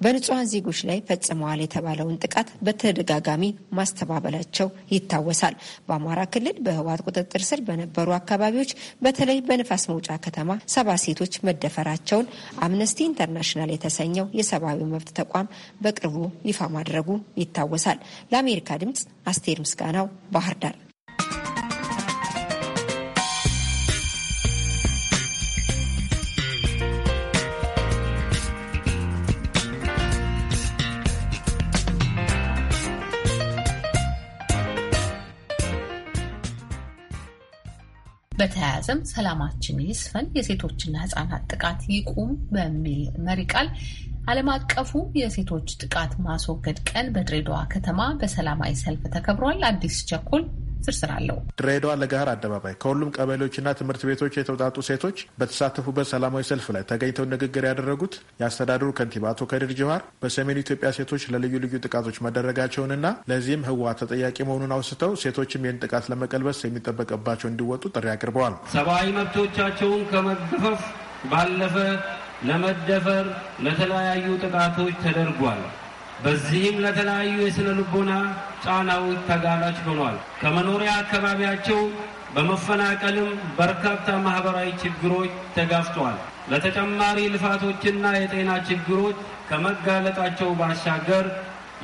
በንጹሐን ዜጎች ላይ ፈጽመዋል የተባለውን ጥቃት በተደጋጋሚ ማስተባበላቸው ይታወሳል። በአማራ ክልል በህወሓት ቁጥጥር ስር በነበሩ አካባቢዎች በተለይ በንፋስ መውጫ ከተማ ሰባ ሴቶች መደፈራቸውን አምነስቲ ኢንተርናሽናል የተሰኘው የሰብአዊ መብት ተቋም በቅርቡ ይፋ ማድረጉ ይታወሳል። ለአሜሪካ ድምጽ አስቴር ምስጋናው ባህር ዳር በተያያዘም ሰላማችን ይስፈን፣ የሴቶችና ህጻናት ጥቃት ይቁም በሚል መሪ ቃል ዓለም አቀፉ የሴቶች ጥቃት ማስወገድ ቀን በድሬዳዋ ከተማ በሰላማዊ ሰልፍ ተከብሯል። አዲስ ቸኮል ዝርዝር አለው። ድሬዳዋ ለገሃር አደባባይ ከሁሉም ቀበሌዎችና ትምህርት ቤቶች የተውጣጡ ሴቶች በተሳተፉበት ሰላማዊ ሰልፍ ላይ ተገኝተው ንግግር ያደረጉት የአስተዳደሩ ከንቲባ አቶ ከድር ጀዋር በሰሜን ኢትዮጵያ ሴቶች ለልዩ ልዩ ጥቃቶች መደረጋቸውንና ለዚህም ህወሓት ተጠያቂ መሆኑን አውስተው ሴቶችም ይህን ጥቃት ለመቀልበስ የሚጠበቅባቸው እንዲወጡ ጥሪ አቅርበዋል። ሰብአዊ መብቶቻቸውን ከመገፈፍ ባለፈ ለመደፈር፣ ለተለያዩ ጥቃቶች ተደርጓል። በዚህም ለተለያዩ የስነ ልቦና ጫናው ተጋላጭ ሆኗል። ከመኖሪያ አካባቢያቸው በመፈናቀልም በርካታ ማህበራዊ ችግሮች ተጋፍተዋል። ለተጨማሪ ልፋቶችና የጤና ችግሮች ከመጋለጣቸው ባሻገር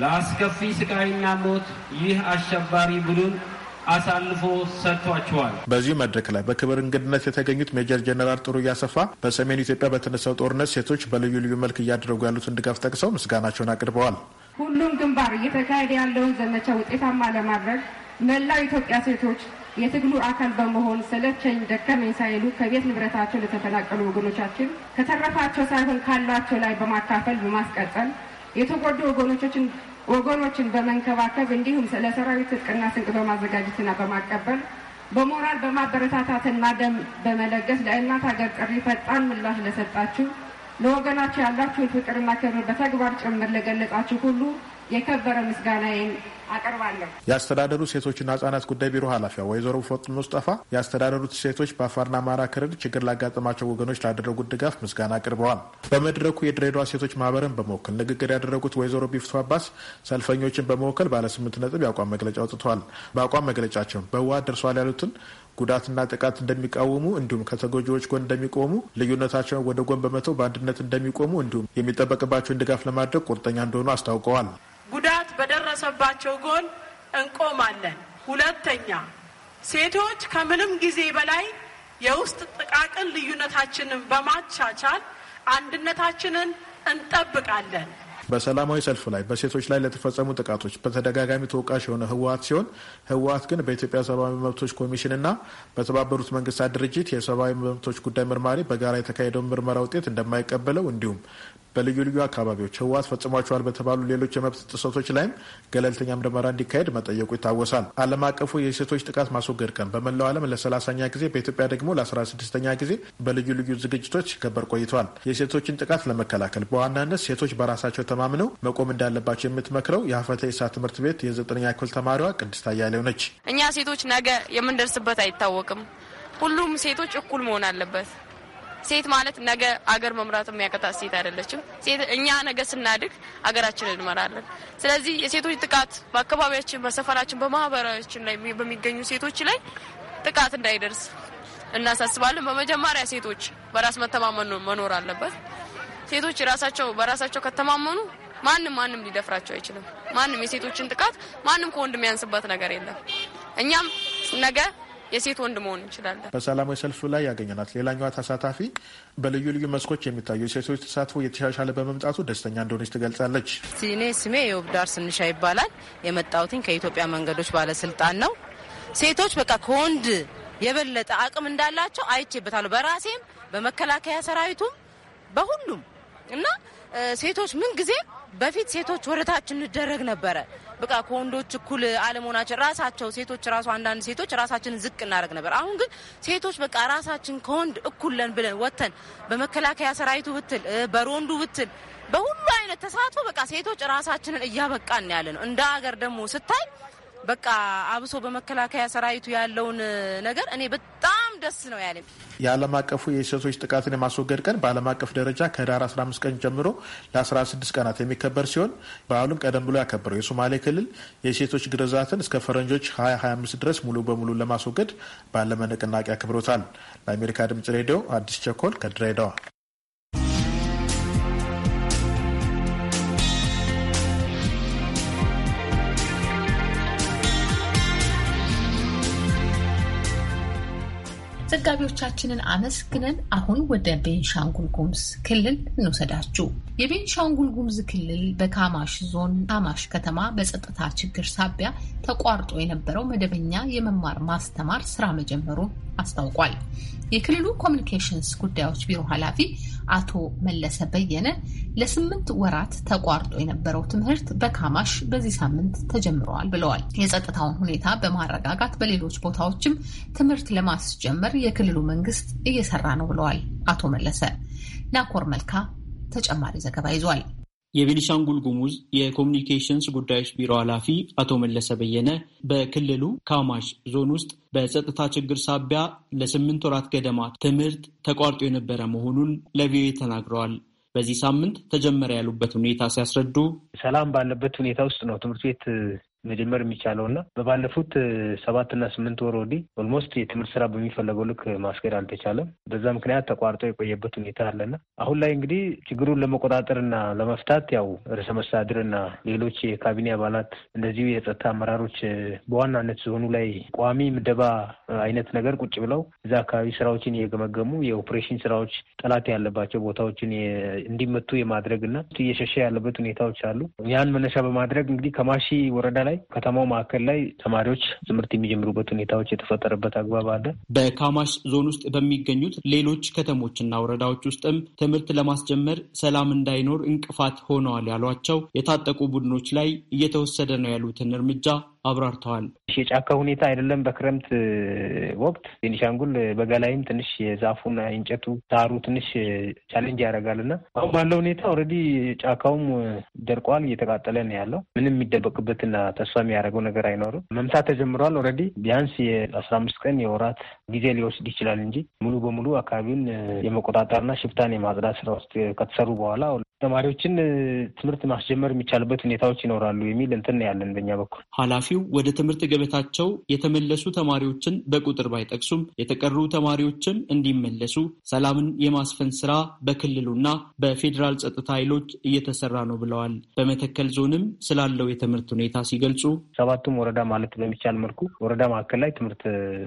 ለአስከፊ ስቃይና ሞት ይህ አሸባሪ ቡድን አሳልፎ ሰጥቷቸዋል። በዚህ መድረክ ላይ በክብር እንግድነት የተገኙት ሜጀር ጀነራል ጥሩ እያሰፋ፣ በሰሜን ኢትዮጵያ በተነሳው ጦርነት ሴቶች በልዩ ልዩ መልክ እያደረጉ ያሉትን ድጋፍ ጠቅሰው ምስጋናቸውን አቅርበዋል። ሁሉም ግንባር እየተካሄደ ያለውን ዘመቻ ውጤታማ ለማድረግ መላው ኢትዮጵያ ሴቶች የትግሉ አካል በመሆን ሰለቸኝ ደከመኝ ሳይሉ ከቤት ንብረታቸው ለተፈናቀሉ ወገኖቻችን ከተረፋቸው ሳይሆን ካሏቸው ላይ በማካፈል በማስቀጠል የተጎዱ ወገኖችን ወገኖችን በመንከባከብ እንዲሁም ሰራዊት ትጥቅና ስንቅ በማዘጋጀትና በማቀበል በሞራል በማበረታታትና ደም በመለገስ ለእናት ሀገር ጥሪ ፈጣን ምላሽ ለሰጣችሁ ለወገናችሁ ያላችሁን ፍቅርና ክብር በተግባር ጭምር ለገለጻችሁ ሁሉ የከበረ ምስጋናዬን አቀርባለሁ። የአስተዳደሩ ሴቶችና ህጻናት ጉዳይ ቢሮ ኃላፊዋ ወይዘሮ ፎጥ ሙስጠፋ የአስተዳደሩት ሴቶች በአፋርና አማራ ክልል ችግር ላጋጠማቸው ወገኖች ላደረጉት ድጋፍ ምስጋና አቅርበዋል። በመድረኩ የድሬዳዋ ሴቶች ማህበርን በመወከል ንግግር ያደረጉት ወይዘሮ ቢፍቱ አባስ ሰልፈኞችን በመወከል ባለስምንት ነጥብ የአቋም መግለጫ አውጥተዋል። በአቋም መግለጫቸውን በህወሓት ደርሷል ያሉትን ጉዳትና ጥቃት እንደሚቃወሙ እንዲሁም ከተጎጂዎች ጎን እንደሚቆሙ ልዩነታቸውን ወደ ጎን በመተው በአንድነት እንደሚቆሙ እንዲሁም የሚጠበቅባቸውን ድጋፍ ለማድረግ ቁርጠኛ እንደሆኑ አስታውቀዋል። በደረሰባቸው ጎን እንቆማለን። ሁለተኛ ሴቶች ከምንም ጊዜ በላይ የውስጥ ጥቃቅን ልዩነታችንን በማቻቻል አንድነታችንን እንጠብቃለን። በሰላማዊ ሰልፍ ላይ በሴቶች ላይ ለተፈጸሙ ጥቃቶች በተደጋጋሚ ተወቃሽ የሆነ ህወሀት ሲሆን ህወሀት ግን በኢትዮጵያ ሰብአዊ መብቶች ኮሚሽንና በተባበሩት መንግስታት ድርጅት የሰብአዊ መብቶች ጉዳይ ምርማሪ በጋራ የተካሄደውን ምርመራ ውጤት እንደማይቀበለው እንዲሁም በልዩ ልዩ አካባቢዎች ህወሓት ፈጽሟቸዋል በተባሉ ሌሎች የመብት ጥሰቶች ላይም ገለልተኛ ምርመራ እንዲካሄድ መጠየቁ ይታወሳል። ዓለም አቀፉ የሴቶች ጥቃት ማስወገድ ቀን በመላው ዓለም ለ30ኛ ጊዜ በኢትዮጵያ ደግሞ ለ16ኛ ጊዜ በልዩ ልዩ ዝግጅቶች ሲከበር ቆይተዋል። የሴቶችን ጥቃት ለመከላከል በዋናነት ሴቶች በራሳቸው ተማምነው መቆም እንዳለባቸው የምትመክረው የሀፈተ ኢሳ ትምህርት ቤት የዘጠነኛ ክፍል ተማሪዋ ቅድስት አያሌው ነች። እኛ ሴቶች ነገ የምንደርስበት አይታወቅም። ሁሉም ሴቶች እኩል መሆን አለበት። ሴት ማለት ነገ አገር መምራት የሚያቀጣት ሴት አይደለችም። እኛ ነገ ስናድግ አገራችን እንመራለን። ስለዚህ የሴቶች ጥቃት በአካባቢያችን፣ በሰፈራችን፣ በማህበራችን ላይ በሚገኙ ሴቶች ላይ ጥቃት እንዳይደርስ እናሳስባለን። በመጀመሪያ ሴቶች በራስ መተማመን መኖር አለበት። ሴቶች ራሳቸው በራሳቸው ከተማመኑ ማንም ማንም ሊደፍራቸው አይችልም። ማንም የሴቶችን ጥቃት ማንም ከወንድ የሚያንስበት ነገር የለም። እኛም ነገ የሴት ወንድ መሆን እንችላለን። በሰላማዊ ሰልፉ ላይ ያገኘናት ሌላኛዋ ተሳታፊ በልዩ ልዩ መስኮች የሚታዩ የሴቶች ተሳትፎ የተሻሻለ በመምጣቱ ደስተኛ እንደሆነች ትገልጻለች። እኔ ስሜ የውብዳር ስንሻ ይባላል። የመጣሁትኝ ከኢትዮጵያ መንገዶች ባለስልጣን ነው። ሴቶች በቃ ከወንድ የበለጠ አቅም እንዳላቸው አይቼበታለሁ። በራሴም በመከላከያ ሰራዊቱም በሁሉም እና ሴቶች ምን ጊዜ በፊት ሴቶች ወደታች እንደረግ ነበረ በቃ ከወንዶች እኩል አለመሆናችን ራሳቸው ሴቶች ራሱ አንዳንድ ሴቶች ራሳችንን ዝቅ እናደርግ ነበር። አሁን ግን ሴቶች በቃ ራሳችን ከወንድ እኩል ለን ብለን ወጥተን በመከላከያ ሰራዊቱ ብትል በሮንዱ ብትል በሁሉ አይነት ተሳትፎ በቃ ሴቶች ራሳችንን እያበቃን ያለ ነው። እንደ ሀገር ደግሞ ስታይ በቃ አብሶ በመከላከያ ሰራዊቱ ያለውን ነገር እኔ በጣም ደስ ነው ያለኝ። የዓለም አቀፉ የሴቶች ጥቃትን የማስወገድ ቀን በዓለም አቀፍ ደረጃ ከህዳር 15 ቀን ጀምሮ ለ16 ቀናት የሚከበር ሲሆን በዓሉም ቀደም ብሎ ያከበረው የሶማሌ ክልል የሴቶች ግርዛትን እስከ ፈረንጆች 2025 ድረስ ሙሉ በሙሉ ለማስወገድ ባለመ ንቅናቄ አክብሮታል። ለአሜሪካ ድምጽ ሬዲዮ አዲስ ቸኮል ከድሬዳዋ ዘጋቢዎቻችንን አመስግነን አሁን ወደ ቤንሻንጉል ጉሙዝ ክልል እንውሰዳችሁ። የቤንሻንጉል ጉሙዝ ክልል በካማሽ ዞን ካማሽ ከተማ በጸጥታ ችግር ሳቢያ ተቋርጦ የነበረው መደበኛ የመማር ማስተማር ስራ መጀመሩን አስታውቋል። የክልሉ ኮሚኒኬሽንስ ጉዳዮች ቢሮ ኃላፊ አቶ መለሰ በየነ ለስምንት ወራት ተቋርጦ የነበረው ትምህርት በካማሽ በዚህ ሳምንት ተጀምረዋል ብለዋል። የጸጥታውን ሁኔታ በማረጋጋት በሌሎች ቦታዎችም ትምህርት ለማስጀመር የክልሉ መንግስት እየሰራ ነው ብለዋል አቶ መለሰ። ናኮር መልካ ተጨማሪ ዘገባ ይዟል። የቤኒሻንጉል ጉሙዝ የኮሚኒኬሽንስ ጉዳዮች ቢሮ ኃላፊ አቶ መለሰ በየነ በክልሉ ካማሽ ዞን ውስጥ በጸጥታ ችግር ሳቢያ ለስምንት ወራት ገደማ ትምህርት ተቋርጦ የነበረ መሆኑን ለቪኦኤ ተናግረዋል። በዚህ ሳምንት ተጀመረ ያሉበት ሁኔታ ሲያስረዱ ሰላም ባለበት ሁኔታ ውስጥ ነው ትምህርት ቤት መጀመር የሚቻለው እና በባለፉት ሰባት እና ስምንት ወር ወዲህ ኦልሞስት የትምህርት ስራ በሚፈለገው ልክ ማስኬድ አልተቻለም። በዛ ምክንያት ተቋርጦ የቆየበት ሁኔታ አለና አሁን ላይ እንግዲህ ችግሩን ለመቆጣጠርና ለመፍታት ያው ርዕሰ መስተዳድርና ሌሎች የካቢኔ አባላት እንደዚሁ የጸጥታ አመራሮች በዋናነት ዞኑ ላይ ቋሚ ምደባ አይነት ነገር ቁጭ ብለው እዛ አካባቢ ስራዎችን እየገመገሙ የኦፕሬሽን ስራዎች ጠላት ያለባቸው ቦታዎችን እንዲመቱ የማድረግና እየሸሸ ያለበት ሁኔታዎች አሉ። ያን መነሻ በማድረግ እንግዲህ ከማሺ ወረዳ ላይ ላይ ከተማው ማዕከል ላይ ተማሪዎች ትምህርት የሚጀምሩበት ሁኔታዎች የተፈጠረበት አግባብ አለ። በካማሽ ዞን ውስጥ በሚገኙት ሌሎች ከተሞችና ወረዳዎች ውስጥም ትምህርት ለማስጀመር ሰላም እንዳይኖር እንቅፋት ሆነዋል ያሏቸው የታጠቁ ቡድኖች ላይ እየተወሰደ ነው ያሉትን እርምጃ አብራርተዋል። የጫካ ሁኔታ አይደለም። በክረምት ወቅት ቤኒሻንጉል በጋ ላይም ትንሽ የዛፉና እንጨቱ ሳሩ ትንሽ ቻሌንጅ ያደርጋል እና አሁን ባለው ሁኔታ ኦልሬዲ ጫካውም ደርቋል፣ እየተቃጠለ ነው ያለው። ምንም የሚደበቅበትና ተስፋ የሚያደርገው ነገር አይኖርም። መምታት ተጀምረዋል። ኦልሬዲ ቢያንስ የአስራ አምስት ቀን የወራት ጊዜ ሊወስድ ይችላል እንጂ ሙሉ በሙሉ አካባቢውን የመቆጣጠርና ሽፍታን የማጽዳት ስራ ውስጥ ከተሰሩ በኋላ ተማሪዎችን ትምህርት ማስጀመር የሚቻልበት ሁኔታዎች ይኖራሉ የሚል እንትን ያለን በኛ በኩል። ኃላፊው ወደ ትምህርት ገበታቸው የተመለሱ ተማሪዎችን በቁጥር ባይጠቅሱም የተቀሩ ተማሪዎችን እንዲመለሱ ሰላምን የማስፈን ስራ በክልሉና በፌዴራል ጸጥታ ኃይሎች እየተሰራ ነው ብለዋል። በመተከል ዞንም ስላለው የትምህርት ሁኔታ ሲገልጹ ሰባቱም ወረዳ ማለት በሚቻል መልኩ ወረዳ መካከል ላይ ትምህርት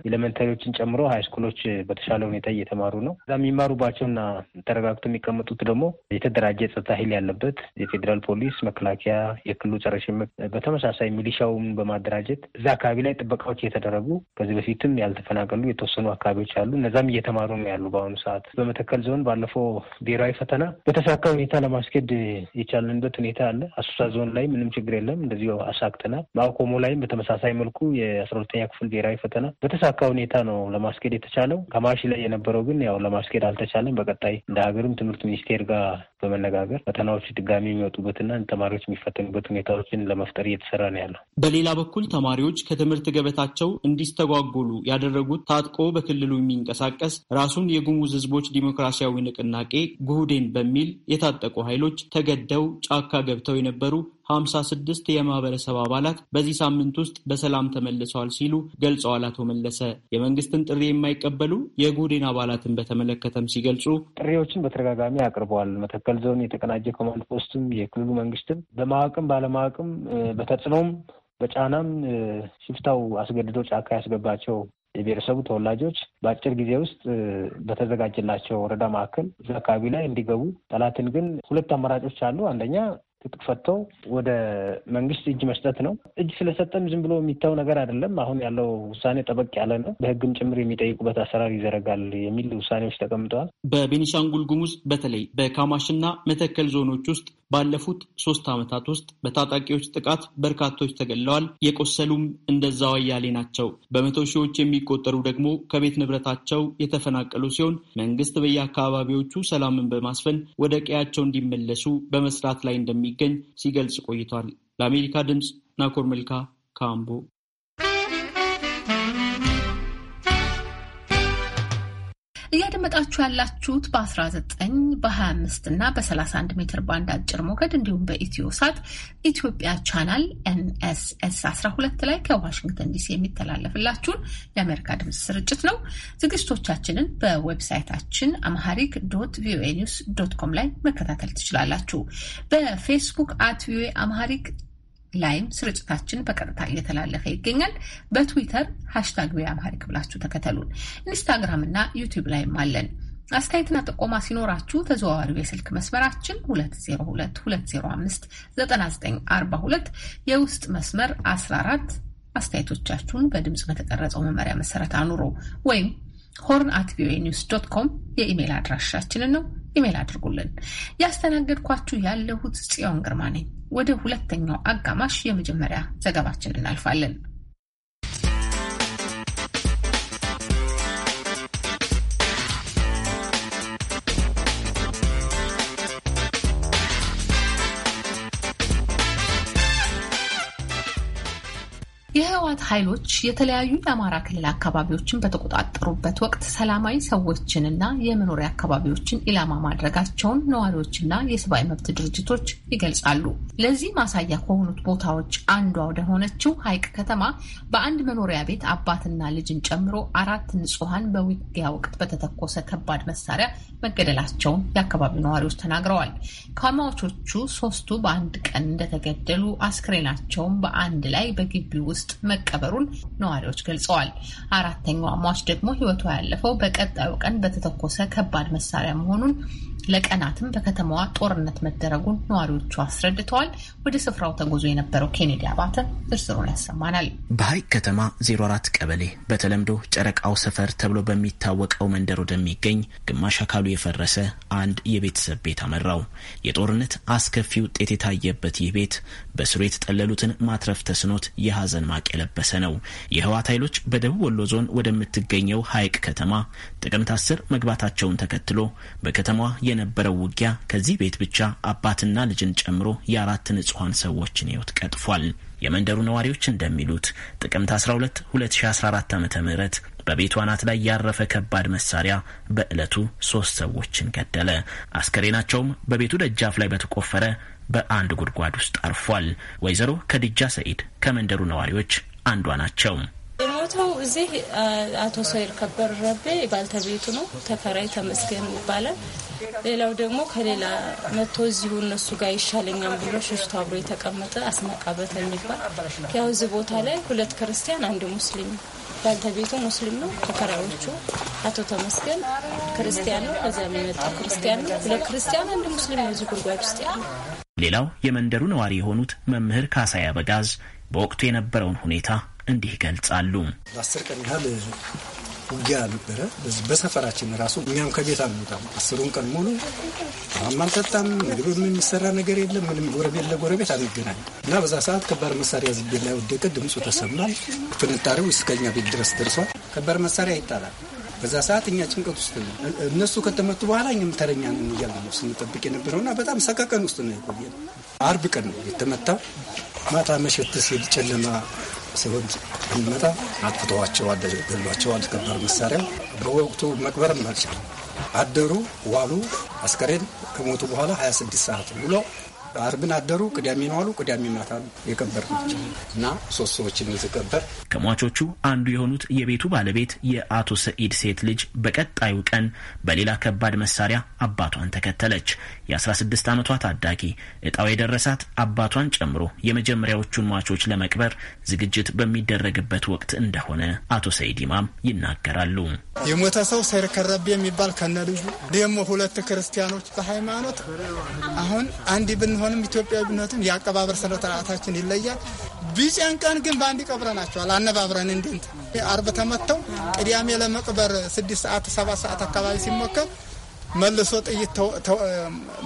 ኤሌመንታሪዎችን ጨምሮ ሃይስኩሎች በተሻለ ሁኔታ እየተማሩ ነው። እዛ የሚማሩባቸውና ተረጋግተው የሚቀመጡት ደግሞ የተደራጀ የጸጥታ ኃይል ያለበት የፌዴራል ፖሊስ፣ መከላከያ፣ የክልሉ ጸረ ሽምቅ በተመሳሳይ ሚሊሻውን በማደራጀት እዛ አካባቢ ላይ ጥበቃዎች እየተደረጉ ከዚህ በፊትም ያልተፈናቀሉ የተወሰኑ አካባቢዎች አሉ። እነዛም እየተማሩ ነው ያሉ። በአሁኑ ሰዓት በመተከል ዞን ባለፈው ብሔራዊ ፈተና በተሳካ ሁኔታ ለማስኬድ የቻልንበት ሁኔታ አለ። አሶሳ ዞን ላይ ምንም ችግር የለም፣ እንደዚሁ አሳክተናል። ማቆሞ ላይም በተመሳሳይ መልኩ የአስራ ሁለተኛ ክፍል ብሔራዊ ፈተና በተሳካ ሁኔታ ነው ለማስኬድ የተቻለው። ከማሽ ላይ የነበረው ግን ያው ለማስኬድ አልተቻለም። በቀጣይ እንደ ሀገርም ትምህርት ሚኒስቴር ጋር በመነጋገር ነገር ፈተናዎች ድጋሚ የሚወጡበትና ተማሪዎች የሚፈተኑበት ሁኔታዎችን ለመፍጠር እየተሰራ ነው ያለው። በሌላ በኩል ተማሪዎች ከትምህርት ገበታቸው እንዲስተጓጎሉ ያደረጉት ታጥቆ በክልሉ የሚንቀሳቀስ ራሱን የጉሙዝ ህዝቦች ዲሞክራሲያዊ ንቅናቄ ጉህዴን በሚል የታጠቁ ኃይሎች ተገደው ጫካ ገብተው የነበሩ 56 የማህበረሰብ አባላት በዚህ ሳምንት ውስጥ በሰላም ተመልሰዋል ሲሉ ገልጸዋል። አቶ መለሰ የመንግስትን ጥሪ የማይቀበሉ የጉዴን አባላትን በተመለከተም ሲገልጹ ጥሪዎችን በተደጋጋሚ አቅርበዋል። መተከል ዞን የተቀናጀ ኮማንድ ፖስትም የክልሉ መንግስትም በማወቅም ባለማወቅም በተጽዕኖም በጫናም ሽፍታው አስገድዶ ጫካ ያስገባቸው የብሔረሰቡ ተወላጆች በአጭር ጊዜ ውስጥ በተዘጋጀላቸው ወረዳ ማዕከል እዚ አካባቢ ላይ እንዲገቡ ጠላትን ግን ሁለት አማራጮች አሉ። አንደኛ ትጥቅ ወደ መንግስት እጅ መስጠት ነው። እጅ ስለሰጠም ዝም ብሎ የሚታው ነገር አይደለም። አሁን ያለው ውሳኔ ጠበቅ ያለ ነው። በህግም ጭምር የሚጠይቁበት አሰራር ይዘረጋል የሚል ውሳኔዎች ተቀምጠዋል። በቤኒሻንጉል ጉሙዝ በተለይ በካማሽና መተከል ዞኖች ውስጥ ባለፉት ሶስት ዓመታት ውስጥ በታጣቂዎች ጥቃት በርካቶች ተገለዋል። የቆሰሉም እንደዛው አያሌ ናቸው። በመቶ ሺዎች የሚቆጠሩ ደግሞ ከቤት ንብረታቸው የተፈናቀሉ ሲሆን መንግስት በየአካባቢዎቹ ሰላምን በማስፈን ወደ ቀያቸው እንዲመለሱ በመስራት ላይ እንደሚገኝ ሲገልጽ ቆይቷል። ለአሜሪካ ድምፅ ናኮር መልካ ካምቦ እያደመጣችሁ ያላችሁት በ19 በ25 እና በ31 ሜትር ባንድ አጭር ሞገድ እንዲሁም በኢትዮ ሳት ኢትዮጵያ ቻናል ኤንኤስኤስ 12 ላይ ከዋሽንግተን ዲሲ የሚተላለፍላችሁን የአሜሪካ ድምፅ ስርጭት ነው። ዝግጅቶቻችንን በዌብሳይታችን አምሃሪክ ዶት ቪኦኤ ኒውስ ዶት ኮም ላይ መከታተል ትችላላችሁ። በፌስቡክ አት ቪኦኤ አምሃሪክ ላይም ስርጭታችን በቀጥታ እየተላለፈ ይገኛል። በትዊተር ሃሽታግ ቪኦኤ ብላችሁ ተከተሉን። ኢንስታግራም እና ዩቲዩብ ላይም አለን። አስተያየትና ጥቆማ ሲኖራችሁ ተዘዋዋሪው የስልክ መስመራችን 2022059942 የውስጥ መስመር 14 አስተያየቶቻችሁን በድምፅ በተቀረጸው መመሪያ መሰረት አኑሮ ወይም ሆርን አት ቪኦኤ ኒውስ ዶት ኮም የኢሜይል አድራሻችንን ነው ኢሜል አድርጉልን። ያስተናገድኳችሁ ያለሁት ጽዮን ግርማ ነኝ። ወደ ሁለተኛው አጋማሽ የመጀመሪያ ዘገባችን እናልፋለን። ኃይሎች የተለያዩ የአማራ ክልል አካባቢዎችን በተቆጣጠሩበት ወቅት ሰላማዊ ሰዎችንና የመኖሪያ አካባቢዎችን ኢላማ ማድረጋቸውን ነዋሪዎችና የሰብአዊ መብት ድርጅቶች ይገልጻሉ። ለዚህ ማሳያ ከሆኑት ቦታዎች አንዷ ወደሆነችው ሐይቅ ከተማ በአንድ መኖሪያ ቤት አባትና ልጅን ጨምሮ አራት ንጹሐን በውጊያ ወቅት በተተኮሰ ከባድ መሳሪያ መገደላቸውን የአካባቢው ነዋሪዎች ተናግረዋል። ከሟቾቹ ሶስቱ በአንድ ቀን እንደተገደሉ አስክሬናቸውን በአንድ ላይ በግቢ ውስጥ መቀ መቀበሩን ነዋሪዎች ገልጸዋል። አራተኛው ሟች ደግሞ ሕይወቷ ያለፈው በቀጣዩ ቀን በተተኮሰ ከባድ መሳሪያ መሆኑን ለቀናትም በከተማዋ ጦርነት መደረጉን ነዋሪዎቹ አስረድተዋል። ወደ ስፍራው ተጉዞ የነበረው ኬኔዲ አባተ ዝርዝሩን ያሰማናል። በሀይቅ ከተማ 04 ቀበሌ በተለምዶ ጨረቃው ሰፈር ተብሎ በሚታወቀው መንደር ወደሚገኝ ግማሽ አካሉ የፈረሰ አንድ የቤተሰብ ቤት አመራው። የጦርነት አስከፊ ውጤት የታየበት ይህ ቤት በስሩ የተጠለሉትን ማትረፍ ተስኖት የሀዘን ማቅ የለበሰ ነው። የህወሓት ኃይሎች በደቡብ ወሎ ዞን ወደምትገኘው ሀይቅ ከተማ ጥቅምት 10 መግባታቸውን ተከትሎ በከተማዋ የነበረው ውጊያ ከዚህ ቤት ብቻ አባትና ልጅን ጨምሮ የአራት ንጹሐን ሰዎችን ህይወት ቀጥፏል። የመንደሩ ነዋሪዎች እንደሚሉት ጥቅምት 12 2014 ዓ ም በቤቷ አናት ላይ ያረፈ ከባድ መሳሪያ በዕለቱ ሶስት ሰዎችን ገደለ። አስከሬናቸውም በቤቱ ደጃፍ ላይ በተቆፈረ በአንድ ጉድጓድ ውስጥ አርፏል። ወይዘሮ ከድጃ ሰኢድ ከመንደሩ ነዋሪዎች አንዷ ናቸው። የሞተው እዚህ አቶ ሰይድ ከበር ረቤ ባልተቤቱ ነው። ተከራይ ተመስገን ይባላል። ሌላው ደግሞ ከሌላ መጥቶ እዚሁ እነሱ ጋር ይሻለኛም ብሎ ሸሽቶ አብሮ የተቀመጠ አስመቃበት የሚባል ያው እዚህ ቦታ ላይ ሁለት ክርስቲያን፣ አንድ ሙስሊም። ባልተቤቱ ሙስሊም ነው። ተከራዮቹ አቶ ተመስገን ክርስቲያን ነው። ከዚያ የሚመጣው ክርስቲያን ነው። ሁለት ክርስቲያን፣ አንድ ሙስሊም ነው እዚህ ጉድጓድ ውስጥ ያለ። ሌላው የመንደሩ ነዋሪ የሆኑት መምህር ካሳያ በጋዝ በወቅቱ የነበረውን ሁኔታ እንዲህ ይገልጻሉ። ለአስር ቀን ያህል ውጊያ ነበረ። በሰፈራችን ራሱ እኛም ከቤት አንወጣም። አስሩን ቀን ሙሉ አሁን አልጠጣም፣ ምግብ የሚሰራ ነገር የለም። ምንም ጎረቤት ለጎረቤት አንገናኝ እና በዛ ሰዓት ከባድ መሳሪያ ዝቤ ላይ ወደቀ። ድምፁ ተሰማል። ፍንጣሪው እስከኛ ቤት ድረስ ደርሷል። ከባድ መሳሪያ ይጣላል። በዛ ሰዓት እኛ ጭንቀት ውስጥ ነው። እነሱ ከተመቱ በኋላ እኛም ተረኛ ነን እያለ ነው ስንጠብቅ እና በጣም ሰቀቀን ውስጥ ነው የቆየ። አርብ ቀን ነው የተመታው። ማታ መሸት ሲል ጨለማ ሲሆን እንመጣ አጥፍተዋቸው ገሏቸው አልከባድ መሳሪያ በወቅቱ መቅበርም አልቻለም። አደሩ ዋሉ። አስከሬን ከሞቱ በኋላ 26 ሰዓት ብሎ አርብን አደሩ፣ ቅዳሜን ዋሉ፣ ቅዳሜ ማታ የቀበር ናቸው እና ሶስት ሰዎችን ቀበር። ከሟቾቹ አንዱ የሆኑት የቤቱ ባለቤት የአቶ ሰኢድ ሴት ልጅ በቀጣዩ ቀን በሌላ ከባድ መሳሪያ አባቷን ተከተለች። የ16 ዓመቷ ታዳጊ እጣው የደረሳት አባቷን ጨምሮ የመጀመሪያዎቹን ሟቾች ለመቅበር ዝግጅት በሚደረግበት ወቅት እንደሆነ አቶ ሰኢድ ኢማም ይናገራሉ። የሞተ ሰው ሰርከረቤ የሚባል ከነ ልጁ ደግሞ ሁለት ክርስቲያኖች በሃይማኖት አሁን አንድ ብንሆን ቢሆንም ኢትዮጵያዊነቱን የአቀባበር ስነ ስርዓታችን ይለያል። ቢጫን ቀን ግን በአንድ ቀብረናቸዋል። አነባብረን እንድንት አርብ ተመተው ቅዳሜ ለመቅበር ስድስት ሰዓት ሰባት ሰዓት አካባቢ ሲሞከር መልሶ ጥይት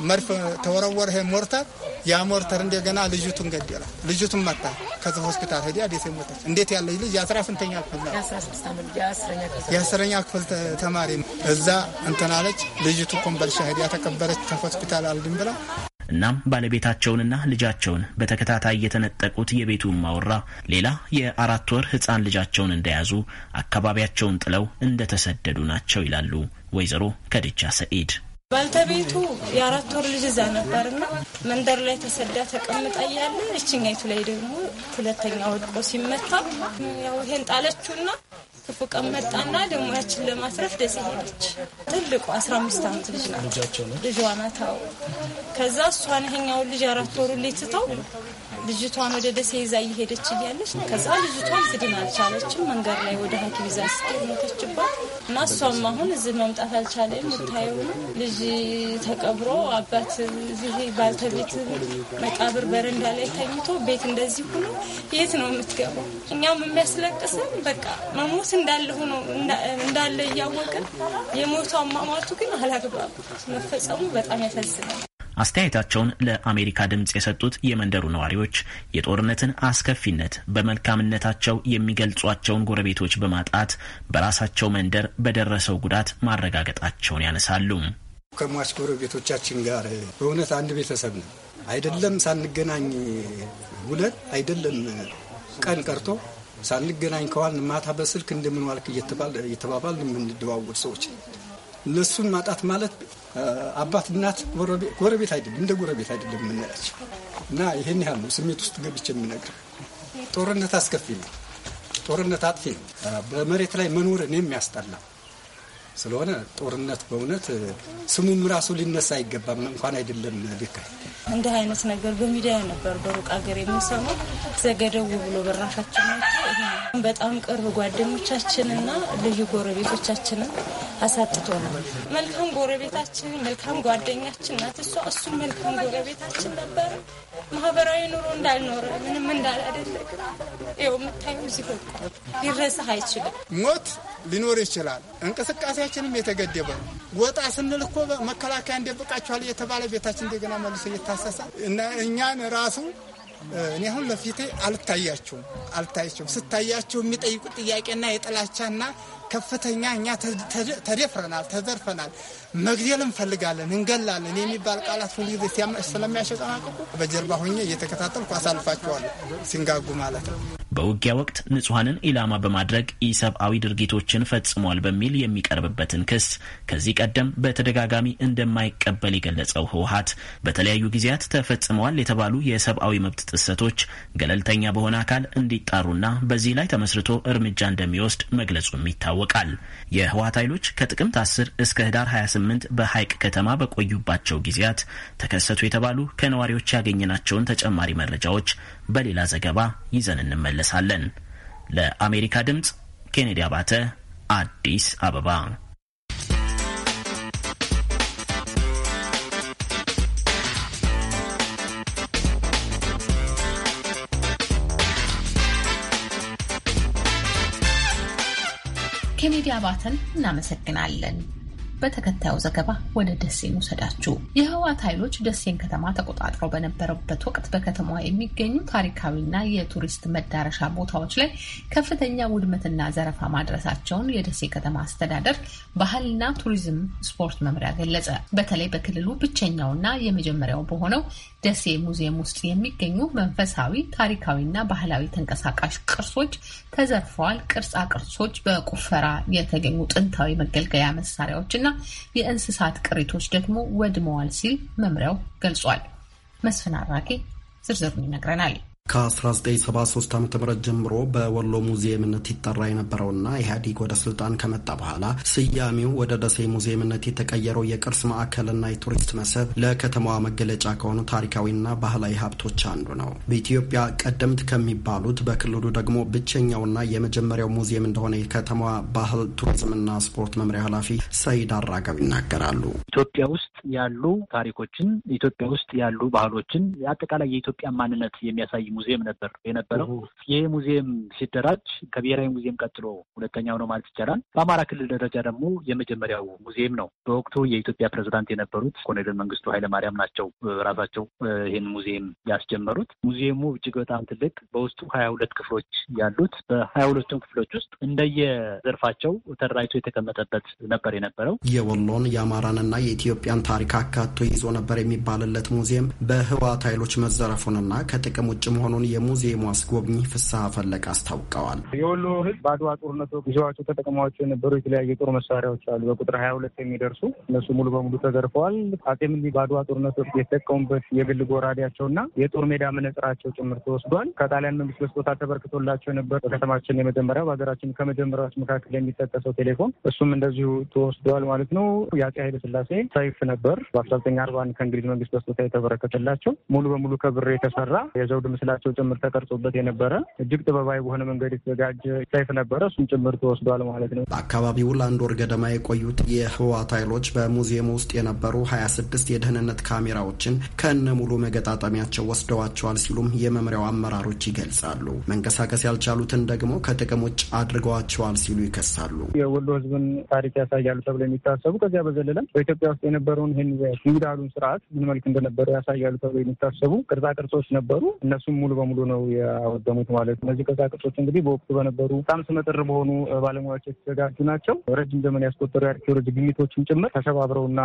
መድፍ ተወረወረ። ይሄ ሞርተር ያ ሞርተር እንደገና ልጅቱን ገደላ። ልጅቱን መታ። ከዚ ሆስፒታል ሄዲ አዴሴ ሞተች። እንዴት ያለ ልጅ የአስራ ስንተኛ ክፍል የአስረኛ ክፍል ተማሪ እዛ እንትናለች። ልጅቱ ኮምበልሻ ሄዲ ተቀበረች። ከሆስፒታል አልድን ብላ እናም ባለቤታቸውንና ልጃቸውን በተከታታይ የተነጠቁት የቤቱ ማወራ ሌላ የአራት ወር ህፃን ልጃቸውን እንደያዙ አካባቢያቸውን ጥለው እንደተሰደዱ ናቸው ይላሉ። ወይዘሮ ከድቻ ሰኢድ ባልተቤቱ የአራት ወር ልጅ እዛ ነበርና መንደር ላይ ተሰዳ ተቀምጣ እያለ እችኛይቱ ላይ ደግሞ ሁለተኛ ወድቆ ሲመታ ያው ይሄን ጣለችውና ክፉ ቀን መጣና ደግሞ ያችን ለማስረፍ ደሴ ሄደች። ትልቁ አስራ አምስት ዓመት ልጅ ናት ልጇ ናት። ከዛ እሷን ይሄኛውን ልጅ አራት ወሩ ላይ ትተው ልጅቷን ወደ ደሴ ይዛ እየሄደች እያለች ከዛ ልጅቷ ልትድን አልቻለችም። መንገድ ላይ ወደ ሐኪም ይዛ ስትሄድ ሞተችባት እና እሷም አሁን እዚህ መምጣት አልቻለም። የምታየው ልጅ ተቀብሮ አባት ይሄ ባልተቤት መቃብር በረንዳ ላይ ተኝቶ ቤት እንደዚህ ሆኖ የት ነው የምትገባው? እኛም የሚያስለቅስም በቃ መሞት እንዳለ ሆኖ እንዳለ እያወቅን የሞቷ አሟሟቱ ግን አላግባብ መፈጸሙ በጣም ያሳዝናል። አስተያየታቸውን ለአሜሪካ ድምፅ የሰጡት የመንደሩ ነዋሪዎች የጦርነትን አስከፊነት በመልካምነታቸው የሚገልጿቸውን ጎረቤቶች በማጣት በራሳቸው መንደር በደረሰው ጉዳት ማረጋገጣቸውን ያነሳሉ። ከሟች ጎረቤቶቻችን ጋር በእውነት አንድ ቤተሰብ ነው። አይደለም ሳንገናኝ ውለን አይደለም ቀን ቀርቶ ሳንገናኝ ከዋልን ማታ በስልክ እንደምን ዋልክ እየተባባል የምንደዋወል ሰዎች ነው። ለሱን ማጣት ማለት አባት እናት ጎረቤት አይደለም፣ እንደ ጎረቤት አይደለም የምናያቸው እና ይህን ያህል ነው ስሜት ውስጥ ገብቼ የምነግር። ጦርነት አስከፊ ነው። ጦርነት አጥፊ ነው። በመሬት ላይ መኖርን የሚያስጠላ ስለሆነ ጦርነት በእውነት ስሙም ራሱ ሊነሳ አይገባም፣ እንኳን አይደለም ልክ እንዲህ አይነት ነገር በሚዲያ ነበር በሩቅ ሀገር የምንሰማው። ዘገደው ብሎ በራሳችን በጣም ቅርብ ጓደኞቻችንና ልዩ ጎረቤቶቻችንን ነው። መልካም ጎረቤታችን፣ መልካም ጓደኛችን ናት እሷ። እሱም መልካም ጎረቤታችን ነበረ። ማህበራዊ ኑሮ እንዳልኖረ ምንም እንዳል አደለግ ው የምታዩ እዚህ ሊረሳህ አይችልም። ሞት ሊኖር ይችላል እንቅስቃሴ ቤታችንም የተገደበ ወጣ ስንል እኮ መከላከያ እንደብቃችኋል የተባለ ቤታችን እንደገና መልሶ እየታሰሰ እና እኛን ራሱ እኔ አሁን ለፊቴ አልታያቸውም አልታያቸውም። ስታያቸው የሚጠይቁት ጥያቄና የጥላቻና ከፍተኛ እኛ ተደፍረናል፣ ተዘርፈናል፣ መግደል እንፈልጋለን፣ እንገላለን የሚባል ቃላት ሁሉ ጊዜ ስለሚያሸጠናቅቁ በጀርባ ሆኜ እየተከታተልኩ አሳልፋቸዋለሁ ሲንጋጉ ማለት ነው። በውጊያ ወቅት ንጹሐንን ኢላማ በማድረግ ኢሰብአዊ ድርጊቶችን ፈጽሟል በሚል የሚቀርብበትን ክስ ከዚህ ቀደም በተደጋጋሚ እንደማይቀበል የገለጸው ህወሀት በተለያዩ ጊዜያት ተፈጽመዋል የተባሉ የሰብአዊ መብት ጥሰቶች ገለልተኛ በሆነ አካል እንዲጣሩና በዚህ ላይ ተመስርቶ እርምጃ እንደሚወስድ መግለጹም ይታወቃል። የህወሀት ኃይሎች ከጥቅምት 10 እስከ ህዳር 28 በሐይቅ ከተማ በቆዩባቸው ጊዜያት ተከሰቱ የተባሉ ከነዋሪዎች ያገኘናቸውን ተጨማሪ መረጃዎች በሌላ ዘገባ ይዘን እንመለሳለን። ለአሜሪካ ድምፅ ኬኔዲ አባተ አዲስ አበባ። ኬኔዲ አባተን እናመሰግናለን። በተከታዩ ዘገባ ወደ ደሴን ውሰዳችሁ። የህወሓት ኃይሎች ደሴን ከተማ ተቆጣጥረው በነበረበት ወቅት በከተማዋ የሚገኙ ታሪካዊና የቱሪስት መዳረሻ ቦታዎች ላይ ከፍተኛ ውድመትና ዘረፋ ማድረሳቸውን የደሴ ከተማ አስተዳደር ባህልና ቱሪዝም ስፖርት መምሪያ ገለጸ። በተለይ በክልሉ ብቸኛውና የመጀመሪያው በሆነው ደሴ ሙዚየም ውስጥ የሚገኙ መንፈሳዊ፣ ታሪካዊና ባህላዊ ተንቀሳቃሽ ቅርሶች ተዘርፈዋል። ቅርጻ ቅርሶች፣ በቁፈራ የተገኙ ጥንታዊ መገልገያ መሳሪያዎች እና የእንስሳት ቅሪቶች ደግሞ ወድመዋል ሲል መምሪያው ገልጿል። መስፍን አራጌ ዝርዝሩን ይነግረናል። ከ1973 ዓ ም ጀምሮ በወሎ ሙዚየምነት ይጠራ የነበረውና ኢህአዲግ ወደ ስልጣን ከመጣ በኋላ ስያሜው ወደ ደሴ ሙዚየምነት የተቀየረው የቅርስ ማዕከልና የቱሪስት መስህብ ለከተማዋ መገለጫ ከሆኑ ታሪካዊና ባህላዊ ሀብቶች አንዱ ነው። በኢትዮጵያ ቀደምት ከሚባሉት በክልሉ ደግሞ ብቸኛውና የመጀመሪያው ሙዚየም እንደሆነ የከተማዋ ባህል ቱሪዝምና ስፖርት መምሪያ ኃላፊ ሰይድ አራገብ ይናገራሉ። ኢትዮጵያ ውስጥ ያሉ ታሪኮችን፣ ኢትዮጵያ ውስጥ ያሉ ባህሎችን፣ አጠቃላይ የኢትዮጵያ ማንነት የሚያሳይ ሙዚየም ነበር የነበረው። ይህ ሙዚየም ሲደራጅ ከብሔራዊ ሙዚየም ቀጥሎ ሁለተኛው ነው ማለት ይቻላል። በአማራ ክልል ደረጃ ደግሞ የመጀመሪያው ሙዚየም ነው። በወቅቱ የኢትዮጵያ ፕሬዝዳንት የነበሩት ኮሎኔል መንግስቱ ኃይለማርያም ናቸው ራሳቸው ይህን ሙዚየም ያስጀመሩት። ሙዚየሙ እጅግ በጣም ትልቅ በውስጡ ሀያ ሁለት ክፍሎች ያሉት በሀያ ሁለቱም ክፍሎች ውስጥ እንደየዘርፋቸው ተደራጅቶ የተቀመጠበት ነበር የነበረው። የወሎን የአማራንና የኢትዮጵያን ታሪክ አካቶ ይዞ ነበር የሚባልለት ሙዚየም በህወሓት ኃይሎች መዘረፉንና ከጥቅም ውጭ መሆኑ መሆኑን የሙዚየሙ አስጎብኚ ፍስሐ ፈለቅ አስታውቀዋል። የወሎ ህዝብ በአድዋ ጦርነት ወቅት ይዘዋቸው ተጠቅመዋቸው የነበሩ የተለያዩ የጦር መሳሪያዎች አሉ። በቁጥር ሀያ ሁለት የሚደርሱ እነሱ ሙሉ በሙሉ ተዘርፈዋል። አጼ ምኒልክ በአድዋ ጦርነት ወቅት የተጠቀሙበት የግል ጎራዴያቸውና የጦር ሜዳ መነጽራቸው ጭምር ተወስዷል። ከጣሊያን መንግስት በስጦታ ተበርክቶላቸው ነበር። በከተማችን የመጀመሪያው በሀገራችን ከመጀመሪያዎች መካከል የሚጠቀሰው ቴሌኮም እሱም እንደዚሁ ተወስዷል ማለት ነው። የአጼ ኃይለ ስላሴ ሰይፍ ነበር በአስራ ዘጠኝ አርባ አንድ ከእንግሊዝ መንግስት በስጦታ የተበረከተላቸው ሙሉ በሙሉ ከብር የተሰራ የዘውድ ምስላ ፊደላቸው ጭምር ተቀርጾበት የነበረ እጅግ ጥበባዊ በሆነ መንገድ የተዘጋጀ ሰይፍ ነበረ። እሱም ጭምር ተወስዷል ማለት ነው። በአካባቢው ለአንድ ወር ገደማ የቆዩት የህወሓት ኃይሎች በሙዚየሙ ውስጥ የነበሩ ስድስት የደህንነት ካሜራዎችን ከነ ሙሉ መገጣጠሚያቸው ወስደዋቸዋል ሲሉም የመምሪያው አመራሮች ይገልጻሉ። መንቀሳቀስ ያልቻሉትን ደግሞ ከጥቅም ውጭ አድርገዋቸዋል ሲሉ ይከሳሉ። የወሎ ህዝብን ታሪክ ያሳያሉ ተብሎ የሚታሰቡ ከዚያ በዘለለም በኢትዮጵያ ውስጥ የነበረውን ይህን እንግዳሉን ስርዓት ምን መልክ እንደነበረው ያሳያሉ ተብሎ የሚታሰቡ ቅርጻ ቅርጾች ነበሩ። እነሱም ሙሉ በሙሉ ነው ያወደሙት ማለት ነው። እነዚህ ቅርጻቅርጾች እንግዲህ በወቅቱ በነበሩ በጣም ስመጥር በሆኑ ባለሙያዎች የተዘጋጁ ናቸው። ረጅም ዘመን ያስቆጠሩ የአርኪኦሎጂ ግኝቶችም ጭምር ተሰባብረውና